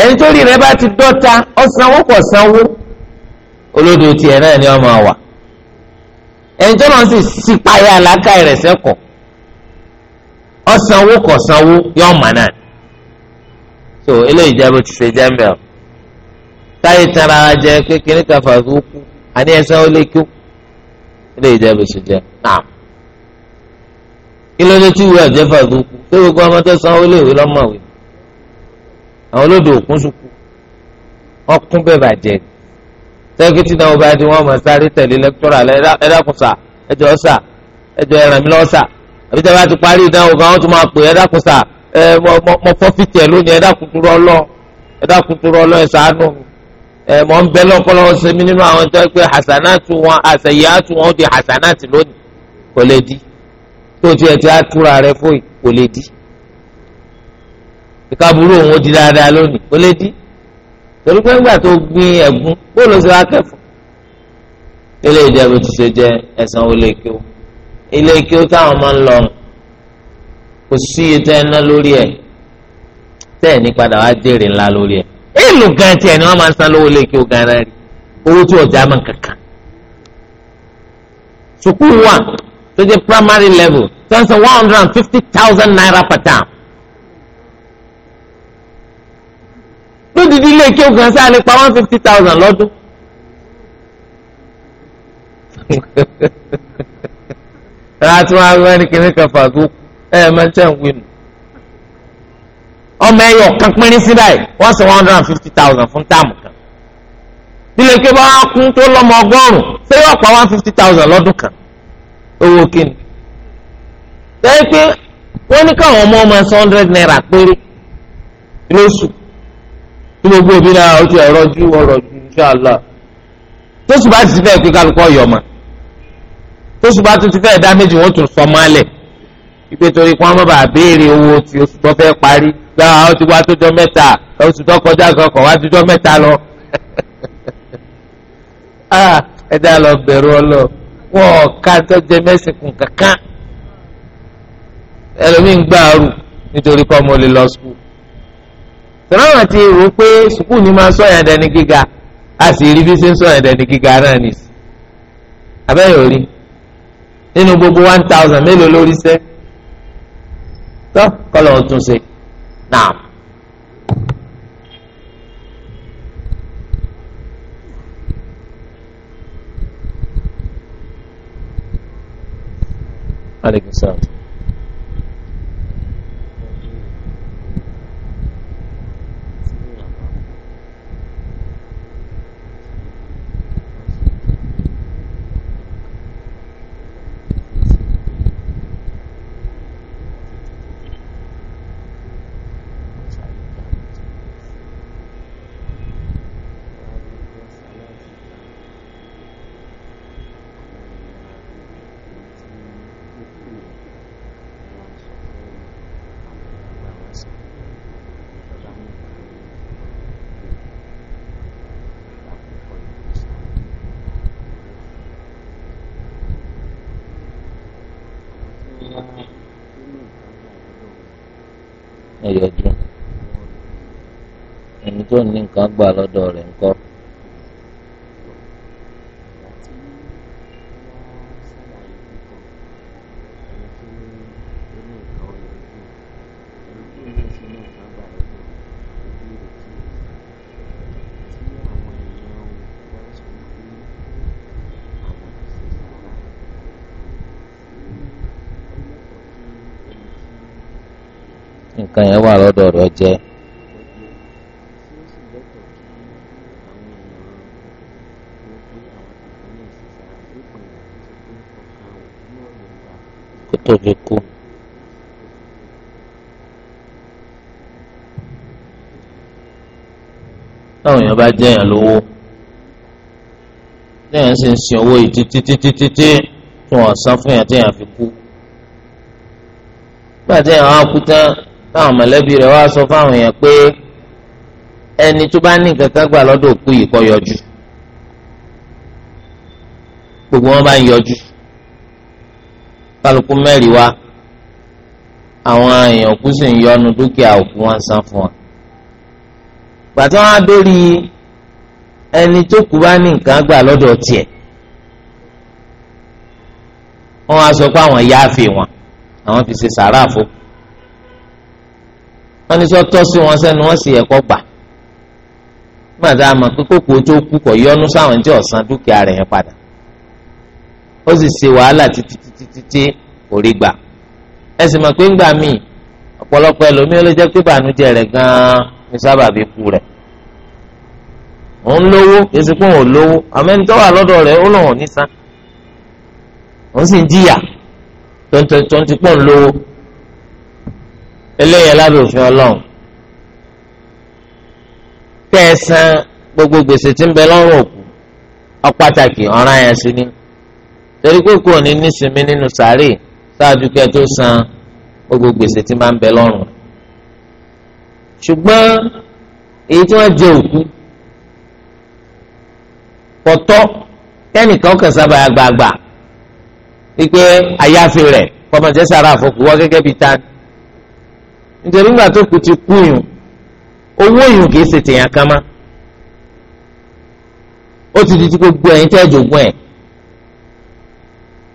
ẹni tó rí rẹ bá ti dọ́ta ọ̀sánwó kọ̀ sanwó olódo tiẹ̀ náà ni ọmọ wa ẹni tó náà sì sí payá àlákà rẹ̀ sẹ́kọ̀ ọ̀sánwó kọ̀sánwó yọ ọmọ náà so eléyìí jẹ́ bó ti ṣe jẹ́ mẹ́ọ̀ táyé tara jẹ kékeré kàfà tó kú àní ẹsẹ̀ ó lé kí ó eléyìí jẹ́ bó ṣe jẹ́ náà kí ló dé tí ìwé àjẹfà tó kú ṣé gbogbo ọmọ tó sanwó léèwé lọ́mọ̀wé àwọn olódò òkun sùkú ọkùn bẹ́ẹ̀ bàjẹ́ ni sẹ́kítì náà bá di wọ́n mọ̀ sáré tẹ̀lé lẹ́kítọ́rà ẹ̀dàkùnsà ẹ̀jọ̀ ọ̀sà ẹ̀jọ̀ ẹ̀ràn mi lọ́sà àbí tẹ́ bá ti parí ìdánwò kan wọ́n tún máa pè ẹ̀dàkùnsà ẹ̀ mọ fọ́fìtì ẹ̀ lónìí ẹ̀dàkùntúrọ̀ ọlọ́ ẹ̀dàkùntúrọ̀ ọlọ́ ẹ̀ sànù ẹ̀ mọ̀ ń bẹ lọ́kọ́lọ́wọ́ sẹ́mi nínú àwọn tó pé hasanatu wọn àṣeyàtu di hasanati lónìí kò lè di tó ti ẹ̀ ti á túra torí pé ńgbà tó gbin ẹ̀gún bó ló ṣe wá kẹ́fọ́ ilé ìjẹun ti ṣe jẹ ẹ̀sán olè kí o ilé kí o táwọn máa ń lọ kò sí iye tẹ́ ẹ ná lórí ẹ̀ tẹ́ ẹ̀ ní padà wá jèrè ńlá lórí ẹ̀ èèlò gan tiẹ̀ ni wọ́n máa ń san lówó ilé kí o gan rẹ̀ owó tí ọ̀já máa ń kankan sukuu wa tó jẹ́ primary level tó ń san one hundred and fifty thousand naira per term dídí ilé kí ogun sáà nípa one fifty thousand lọ́dún. láti wọn àwọn ẹni kìíní kan fàgó ẹ ẹ máa ń tẹ̀ ń wí nù. ọmọ ẹyọ kan pínrín sí báyìí wọ́n san one hundred and fifty thousand fún táàmù kan. ilé kí wọ́n á kún tó lọ́mọ ọgọ́rùn-ún ṣé yóò pa one fifty thousand lọ́dún kan owó kíni. sẹ́yìn pé wọ́n ní káwọn ọmọ ọmọ san hundred naira péré lóṣù tí gbogbo òbí náà ó ti ọ̀rọ̀ ju ọ̀rọ̀ ju inṣàlá tó sì bá ti fẹ́ pé kálukú ọ̀yọ́ mọ́ tó sì bá tún ti fẹ́ dá méjì wọ́n tún sọ mọ́lẹ̀ ìpè torí kí wọ́n má bàa béèrè owó tí oṣù tó fẹ́ parí lọ́wọ́ àwọn ti wá tójọ́ mẹ́ta oṣù tó kọjá kọkọ̀ wá tójọ́ mẹ́ta lọ. Ah, ẹ dá lọ bẹ̀rù ọlọ wọn ò ká tọ́jú mẹ́sìn kùn kankan ẹlòmíín gbàrú nítorí kọ́ mo lè lọ sùkúù sọ̀rọ̀ ti rò pé sùkúù ni máa sọ yẹn dẹni gíga a sì rí bí ṣe ń sọ yẹn dẹni gíga náà nì sí abẹ́yẹ̀ orí nínú gbogbo one thousand mélòó lórí sẹ́ tọ́ kọ́lọ̀ ọ̀tún ṣe náà. Aleykum salaam. ẹ yọjú ẹni tó ní nǹkan gbà lọ́dọ̀ rẹ̀ ńkọ́. nǹkan yẹn wà lọ́dọ̀ rẹ̀ jẹ́. kó tó fi kú. táwọn èèyàn bá jẹ́ èèyàn lówó téèyàn sì ń sin owó yìí títí títí títí tí wọ́n san fún èèyàn téèyàn fi kú. gbàtẹ́ àwọn akú tán táwọn mọ̀lẹ́bí rẹ̀ wá sọ fáwọn èèyàn pé ẹni tó bá ní nǹkan kan gbà lọ́dọ̀ òkú yìí kó yọjú gbogbo wọn bá ń yọjú kálukú mẹ́rin wá àwọn èèyàn òkú sì ń yọnu dúkìá òkú wọn san fún wọn gbàtí wọn á ẹni tó kú bá ní nǹkan gbà lọ́dọ̀ tiẹ̀ wọn á sọ pé àwọn yááfì wọn àwọn fi ṣe sàrà wọ́n ní sọ tọ́ sí wọn sẹ́nu wọ́n sì ẹ̀kọ́ gbà gbàdá àmọ́ pé kókò tó kú kọ̀ yọnu sáwọn tí ọ̀sán dúkìá rẹ̀ yẹn padà ó sì ṣe wàhálà títí títí títí kò rí gbà ẹ sì mọ̀ pé ńgbà míì ọ̀pọ̀lọpọ̀ ẹlòmíì ó jẹ́ pé bànújẹ́ rẹ̀ gan-an ní sábàbí ikú rẹ̀ òun lówó èsì pé òun lówó àmẹ́ni wà lọ́dọ̀ rẹ̀ ó lòun ní san òun sì ń jìyà tó ń ti pọ̀ ń lówó eléyẹn lábẹ́ òfin ọlọ́run kẹ́ ẹ san gbogbo gbèsè tí ń bẹ lọ́rùn òkú ọ̀pàtàkì ọ̀ràn yẹn sí ni torí pé kò ní nísinmi nínú sàárè ṣáájú kẹ́ tó san gbogbo gbèsè tí máa ń bẹ lọ́rùn ṣùgbọ́n èyí tí wọ́n jẹ òkú pọ̀tọ́ kẹ́nìkan kàn àgbààgbà wípé àyàfi rẹ̀ kọ́mọ̀jẹ́sára àfọkù wọ́n gẹ́gẹ́ bíi tani nítorí ńgbà tó kù ti kú yùn owó yùn kì ṣe tèèyàn kan mọ́ ó ti di ti gbogbo ẹ̀yin tẹ́ jogún ẹ̀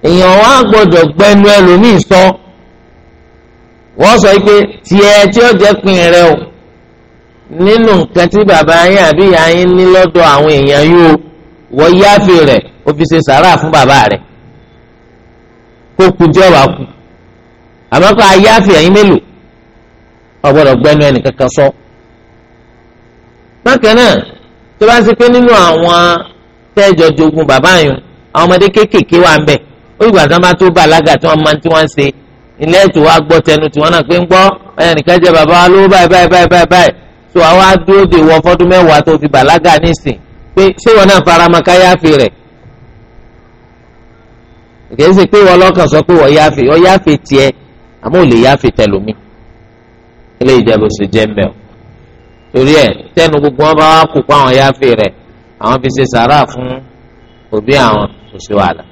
èèyàn wá gbọdọ̀ gbẹnu ẹlòmíì sọ wọ́n sọ pé tiẹ̀ tí ó jẹ́ pin rẹ o nínú nǹkan tí bàbá yín àbí ìyá yín ní lọ́dọ̀ àwọn èèyàn yóò yáfe rẹ̀ ó fi ṣe fún a mélòó ọgbọ́dọ̀ gbẹ́nu ẹnì kankan sọ. bákan náà tó bá ń ṣe pé nínú àwọn tẹ́jọ jogun bàbá yẹn àwọn ọmọdé kéékèèké wà ń bẹ̀ ó ìgbà tí wọ́n bá tó bàlágà tí wọ́n máa ń tí wọ́n ń ṣe ilé ètò wa gbọ́ tẹnu tí wọ́n náà pé ń gbọ́ ẹnì nìkan jẹ́ bàbá wa lówó báyìí báyìí báyìí báyìí báyìí tó àwa dúró de wọ fọ́dún mẹ́wàá tó fi bàlágà nísìn pé ṣé wọn náà fara mọ́ ká yáfe rẹ̀ kì í ṣe pé wọn lọ́kàn sọ pé wọ́n yáfe wọ́n yáfe tiẹ̀ àmọ́ ò lè yáfe tẹlómi ilé ìjẹ́bù sì jẹ́ mbẹ́ o torí ẹ̀ tẹ́nu gbogbo wọn bá wá kú pa àwọn yáfẹ́ rẹ̀ àwọn fi ṣe sàrà fún òbí àwọn kò sí wàhálà.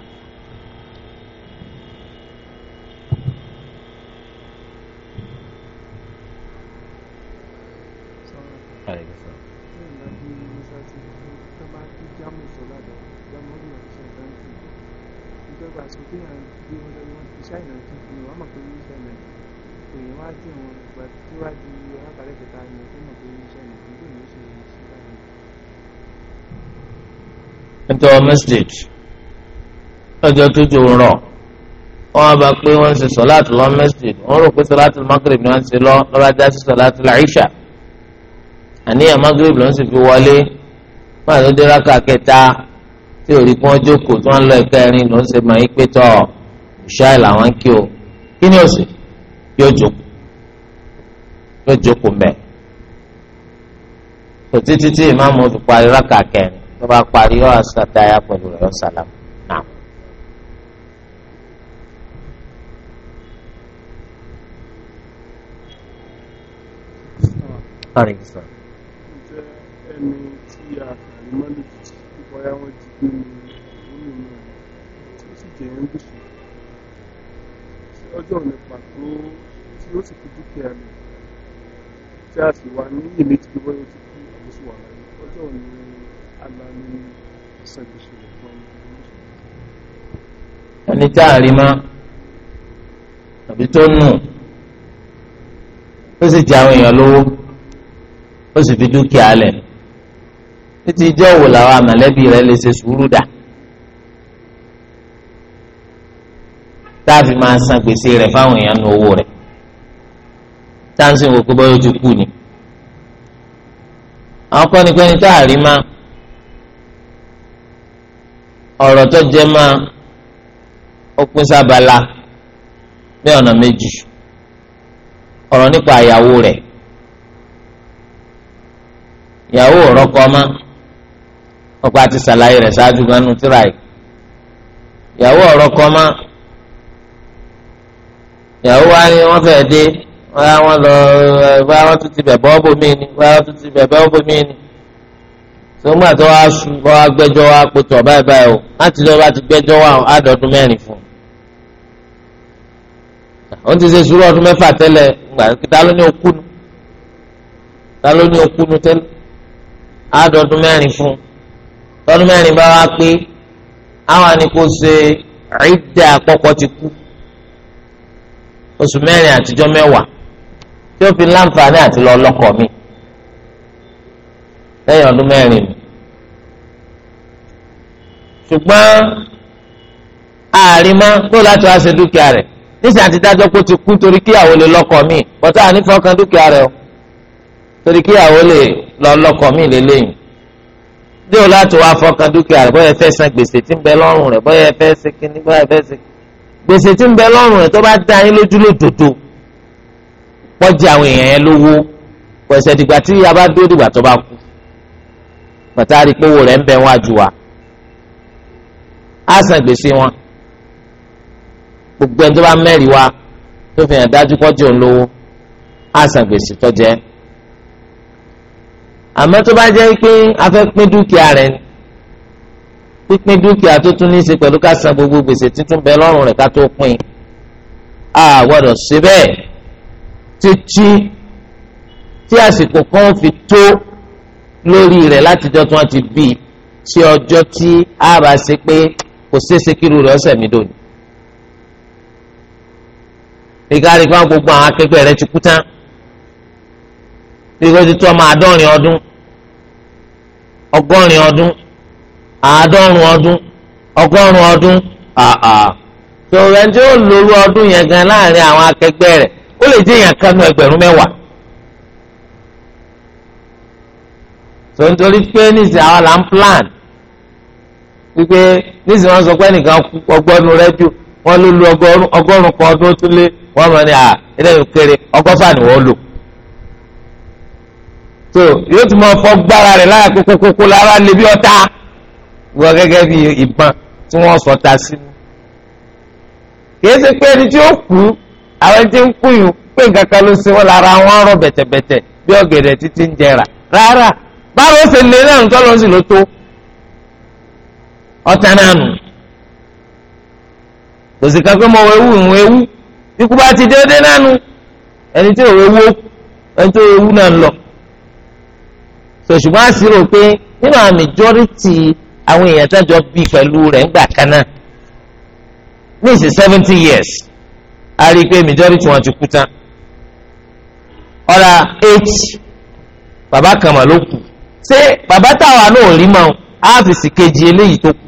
nítorí wọn masjid lọ́jọ́ tó jò ń rọ̀ wọ́n á bá pé wọ́n ń ṣe sọ́láàtì lọ masjid wọ́n rò pé sọ́láàtì magrib ni wọ́n ń ṣe lọ lọ́ba dá sí sọ́láàtì làìṣà àníyàn magrib ló ń sì fi wọlé wọ́n àti díraka kẹta tí ò rí kí wọ́n jókòó tí wọ́n lọ ìkẹrin ló ń ṣe máa ń pé tọ́ ṣáì làwọn kí o kí ni òsè yóò jókòó yóò jókòó mẹ́ kò títí tí ìmáàmù fi parí rákà kẹrin tó bá parí ọ̀ àṣàdáyà pẹ̀lú rẹ̀ ọ̀sálàmù náà. Ǹjẹ́ ẹni tí a kà ní Mọ́lìkì tí bọ́yá wọ́n jí bí mi nínú mi tí ó sì jẹ́ ń bùsùn? Ṣé ọjọ́ òní pàtó tí ó sì fi dúkìá lẹ̀? Tí a sì wà ní iyèméjì bí bọ́yá ti kú àbúṣe wà láyé. Ọjọ́ òní ẹni tá a rí mọ́ tàbí tó nù ó sì jẹ àwọn èèyàn lówó ó sì fi dúkìá lẹ̀ títí ijó òwò làwọn àmọ̀lẹ́bí rẹ̀ lè ṣe sùúrù dà tá a fi máa san gbèsè rẹ̀ fáwọn èèyàn nu owó rẹ̀ táǹsì wò pé bọ́yọ̀ ti kú ni àwọn kọ́ni pé ní tá a rí mọ́. ọ̀rọ̀ tó jẹ́ máa ó sábàlá ní ọ̀nà méjì ọ̀rọ̀ nípa ìyàwó rẹ̀ ìyàwó rọ́kọ ọmọ ọ̀pá ti sàlàyé rẹ̀ ṣáájú ganu tíra ẹ̀ ìyàwó rọ́kọ ọmọ ìyàwó wa ni wọ́n fẹ́ dé wọ́n lọ bá wọ́n tún ti bẹ̀ bọ́ bómi ni bá wọ́n tún ti bẹ̀ bọ́ bómi ni. sọgbọn àti wàá su wàá gbẹ́jọ́ wàá pẹtọ báyìí báyìí o láti lọ bá ti gbẹ́jọ́ wà àádọ́dún mẹ́rin fún un òun ti ṣe sùúrù ọdún mẹ́fà tẹ́lẹ̀ gbà ta ló ní okunu ta ló ní okunu tẹ́lẹ̀ àádọ́dún mẹ́rin fún un tọdún mẹ́rin bá wá pé àwọn àníkó ṣe ìdá àkọ́kọ́ ti kú oṣù mẹ́rin àtijọ́ mẹ́wàá tí ó fi láǹfààní àti lọ lọ́kọ mi lẹ́yìn ọdún mẹ́rin ni ṣùgbọ́n àrímọ́ kó láti wá ṣe dúkìá rẹ̀ níṣẹ́ àti dájọ́ kó ti kú torí kíyàwó lè lọ́kọ míì bọ́tà ànífọ́ kan dúkìá rẹ̀ o torí kíyàwó lè lọ lọ́kọ míì lélẹ́yìn dé o láti wá fọkàn dúkìá rẹ̀ bóyá ẹ fẹ́ san gbèsè tí ń bẹ lọ́rùn rẹ̀ bóyá ẹ fẹ́ ṣe kíní bóyá ẹ fẹ́ ṣe gbèsè tí ń bẹ lọ́rùn rẹ̀ tó bá dá yín lójú lódodo pọ́jì àwọn èèyàn yẹn lówó pẹ̀sẹ̀ dìgbà tí a dúró dìgbà tó bá kú pàtàkì pé owó rẹ̀ ń bẹ wájú wa á san gbèsè wọn gbogbo ẹni tó bá mẹ́rin wa tó fi hàn dájú kọ́jú òun lówó á san gbèsè tó jẹ́ àmọ́ tó bá jẹ́ pé a fẹ́ pín dúkìá rẹ̀ ni pínpín dúkìá tó tún ní í ṣe pẹ̀lú ká san gbogbo gbèsè tuntun bẹ lọ́rùn rẹ̀ ká tó pín a gbọ́dọ̀ ṣe bẹ́ẹ̀ títí tí àsìkò kan fi tó lórí rẹ̀ láti jọ́ tí wọ́n ti bí sí ọjọ́ tí a bá ṣe pé kò ṣeéṣe kíru rẹ̀ ọ̀sẹ̀ mi dòní. ìkárí gbogbo àwọn akẹgbẹ́ rẹ̀ ti kú tán bí kò ti tó ọmọ àádọ́rin ọdún ọgọ́rin ọdún àádọ́rùn ọdún ọgọ́rùn ọdún àà tó rẹ̀ tí ó lóru ọdún yẹn gan láàrin àwọn akẹgbẹ́ rẹ̀ ó lè jẹ́ ẹgbẹ̀rún plan wípé nísìnyí wọ́n sọ pé nìkan ọgbọ́nu rẹ́díò wọn ló lu ọgọ́rùn kan ọdún tó lé wọ́n mọ̀ ní à kéré ọgọ́fà ni wọ́n lò. so yóò tún máa fọ gbára rẹ̀ láyà kókókókó lára lè bí ọ̀tá wọ́n gẹ́gẹ́ bí ìbọn tí wọ́n sọ ta sí mu. kìí ṣe pé ẹni tí ó kú àwọn ẹni tí ń kú yìí pé ọ̀tá náà nù kò sì kankan mọ̀ wẹ́wù ìwọ̀n ewu ikú bá ti déédéé náà nù ẹni tí òwe wó ẹni tí òwe wú náà ń lọ sòṣùgbọ́n àṣírò pé nínú àmì jọ́rìtì àwọn èèyàn tó bí pẹ̀lú rẹ̀ ń gbà kan ní ìsìn seventy years a rí i pé majority wọn ti kú tán ọ̀la eight bàbá kan mà ló kù ṣé bàbá táwa náà rí mọ́ ọ́fíìsì kejì eléyìí tó kù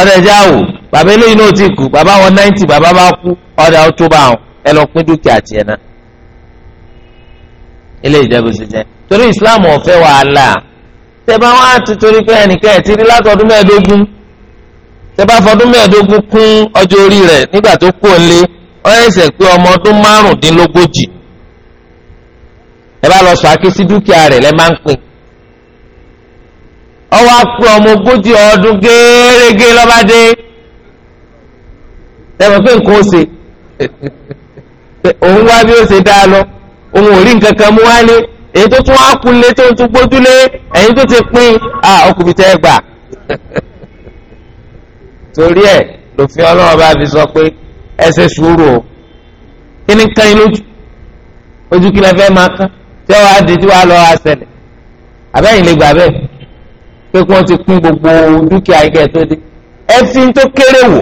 ọ̀dà ẹ̀jẹ̀ àwò bàbá eléyìí náà ti kú bàbá wọn náìntì bàbá bá kú ọ̀dà ó tó bá wọn ẹ lọ pín dúkìá tiẹ̀ náà eléyìí jẹ́ bó ṣe jẹ́ torí Islam ọ̀fẹ́ wàhálà tẹ bá wọn á ti torí pé ẹnìkan ẹ̀ ti rí látọdún mẹ́ẹ̀ẹ́dógún tẹ fọdún mẹ́ẹ̀ẹ́dógún kún ọjọ́ orí rẹ̀ nígbà tó kú òǹlé ọ ẹsẹ̀ pé ọmọ ọdún márùndínlógójì ẹ bá lọ sọ àkíyèsí dúkìá rẹ̀ lẹ́ máa ń pín ọwọ́ apẹ ọmọ ogójì ọdún gẹ́gẹ́ lọ́ba dé ẹ̀mọ̀ pé nǹkan ó ṣe òun wá bí ó ṣe dá a lọ òun ò rí nǹkan kan mú wá ní èyí tó tún wá kulé tó tún gbójúlé èyí tó ti pín à ọkùnrin tẹ́ ẹ gbà torí ẹ̀ lòfin ọlọ́run bá fi sọ pé ẹ sùúrù o kí ni kan lójú ojú kí lẹ fẹ́ máa kán tí wọ́n á di tí wọ́n á àṣẹlẹ̀ àbẹ́yìn lè gbà bẹ́ẹ̀ pé kí wọ́n ti pín gbogbo dúkìá ike tó dé ẹ fi tó kéré wò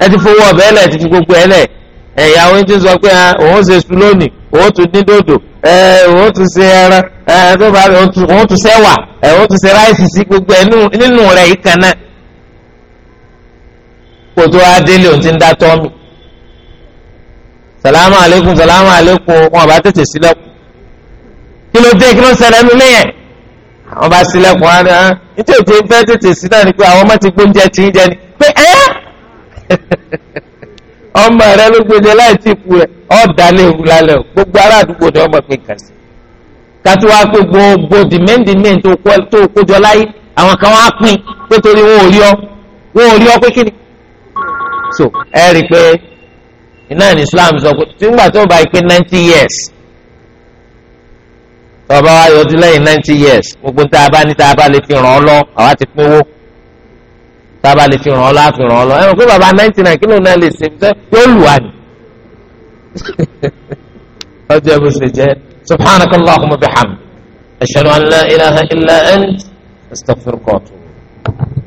ẹ ti fowó ọbẹ̀ ẹ̀ lẹ̀ ẹ ti fi gbogbo ẹ̀ lẹ̀ ẹ̀yà àwọn ti sọ pé òun ṣe sùn lónìí òun tún ní dòdò òun tún ṣe ẹran òun tún ṣẹwà òun tún ṣe ráìsì sí gbogbo ẹ̀ nínú rẹ̀ yìí kan náà kótó adélé òun ti ń dá tọ́mì salamu aleykum salamu aleykum wọn bá tètè sílẹ̀kùn kí ló dé kí ló ṣẹlẹ̀ nínú yẹn àwọn bá sílẹ̀kùn á ní á nítorí tí ń fẹ́ tètè sí náà ni pé àwọn ọmọ ti gbóúnjẹ tí ń jẹ ni pé ẹ́ eh? ọmọ rẹ ló gbèdé láì tí ì kú rẹ ọ̀dàlẹ̀ ewu lálẹ́ o gbogbo ará àdúgbò ni ọmọ pé kàn sí kátó wá pé gbogbo dìmẹ́ǹdìmẹ́ǹ tó kójọ láyé àwọn kan wá pín pé torí wọn ò rí ọ wọn ò rí ọ pé kíni. so ẹ rí i pé iná ní Islam sọ pé tí ń gbà tó bá yìí pé ninety years tọba wa yọjú lẹ́yìn ninety years gbogbo tá a bá ní tá a bá lè fi ràn ọ́ lọ àwa ti pínwó tá a bá lè fi ràn ọ́ lọ àfi ràn ọ́ lọ ẹ mọ̀ pé bàbá ninety nine kílò náà lè ṣe fẹ́ yóò lù wá ni. ọjọ́ ìbò ṣe jẹ́ subhanaka allahumma bihamd ashhadu an la ilaha illa ant astaghfiruka.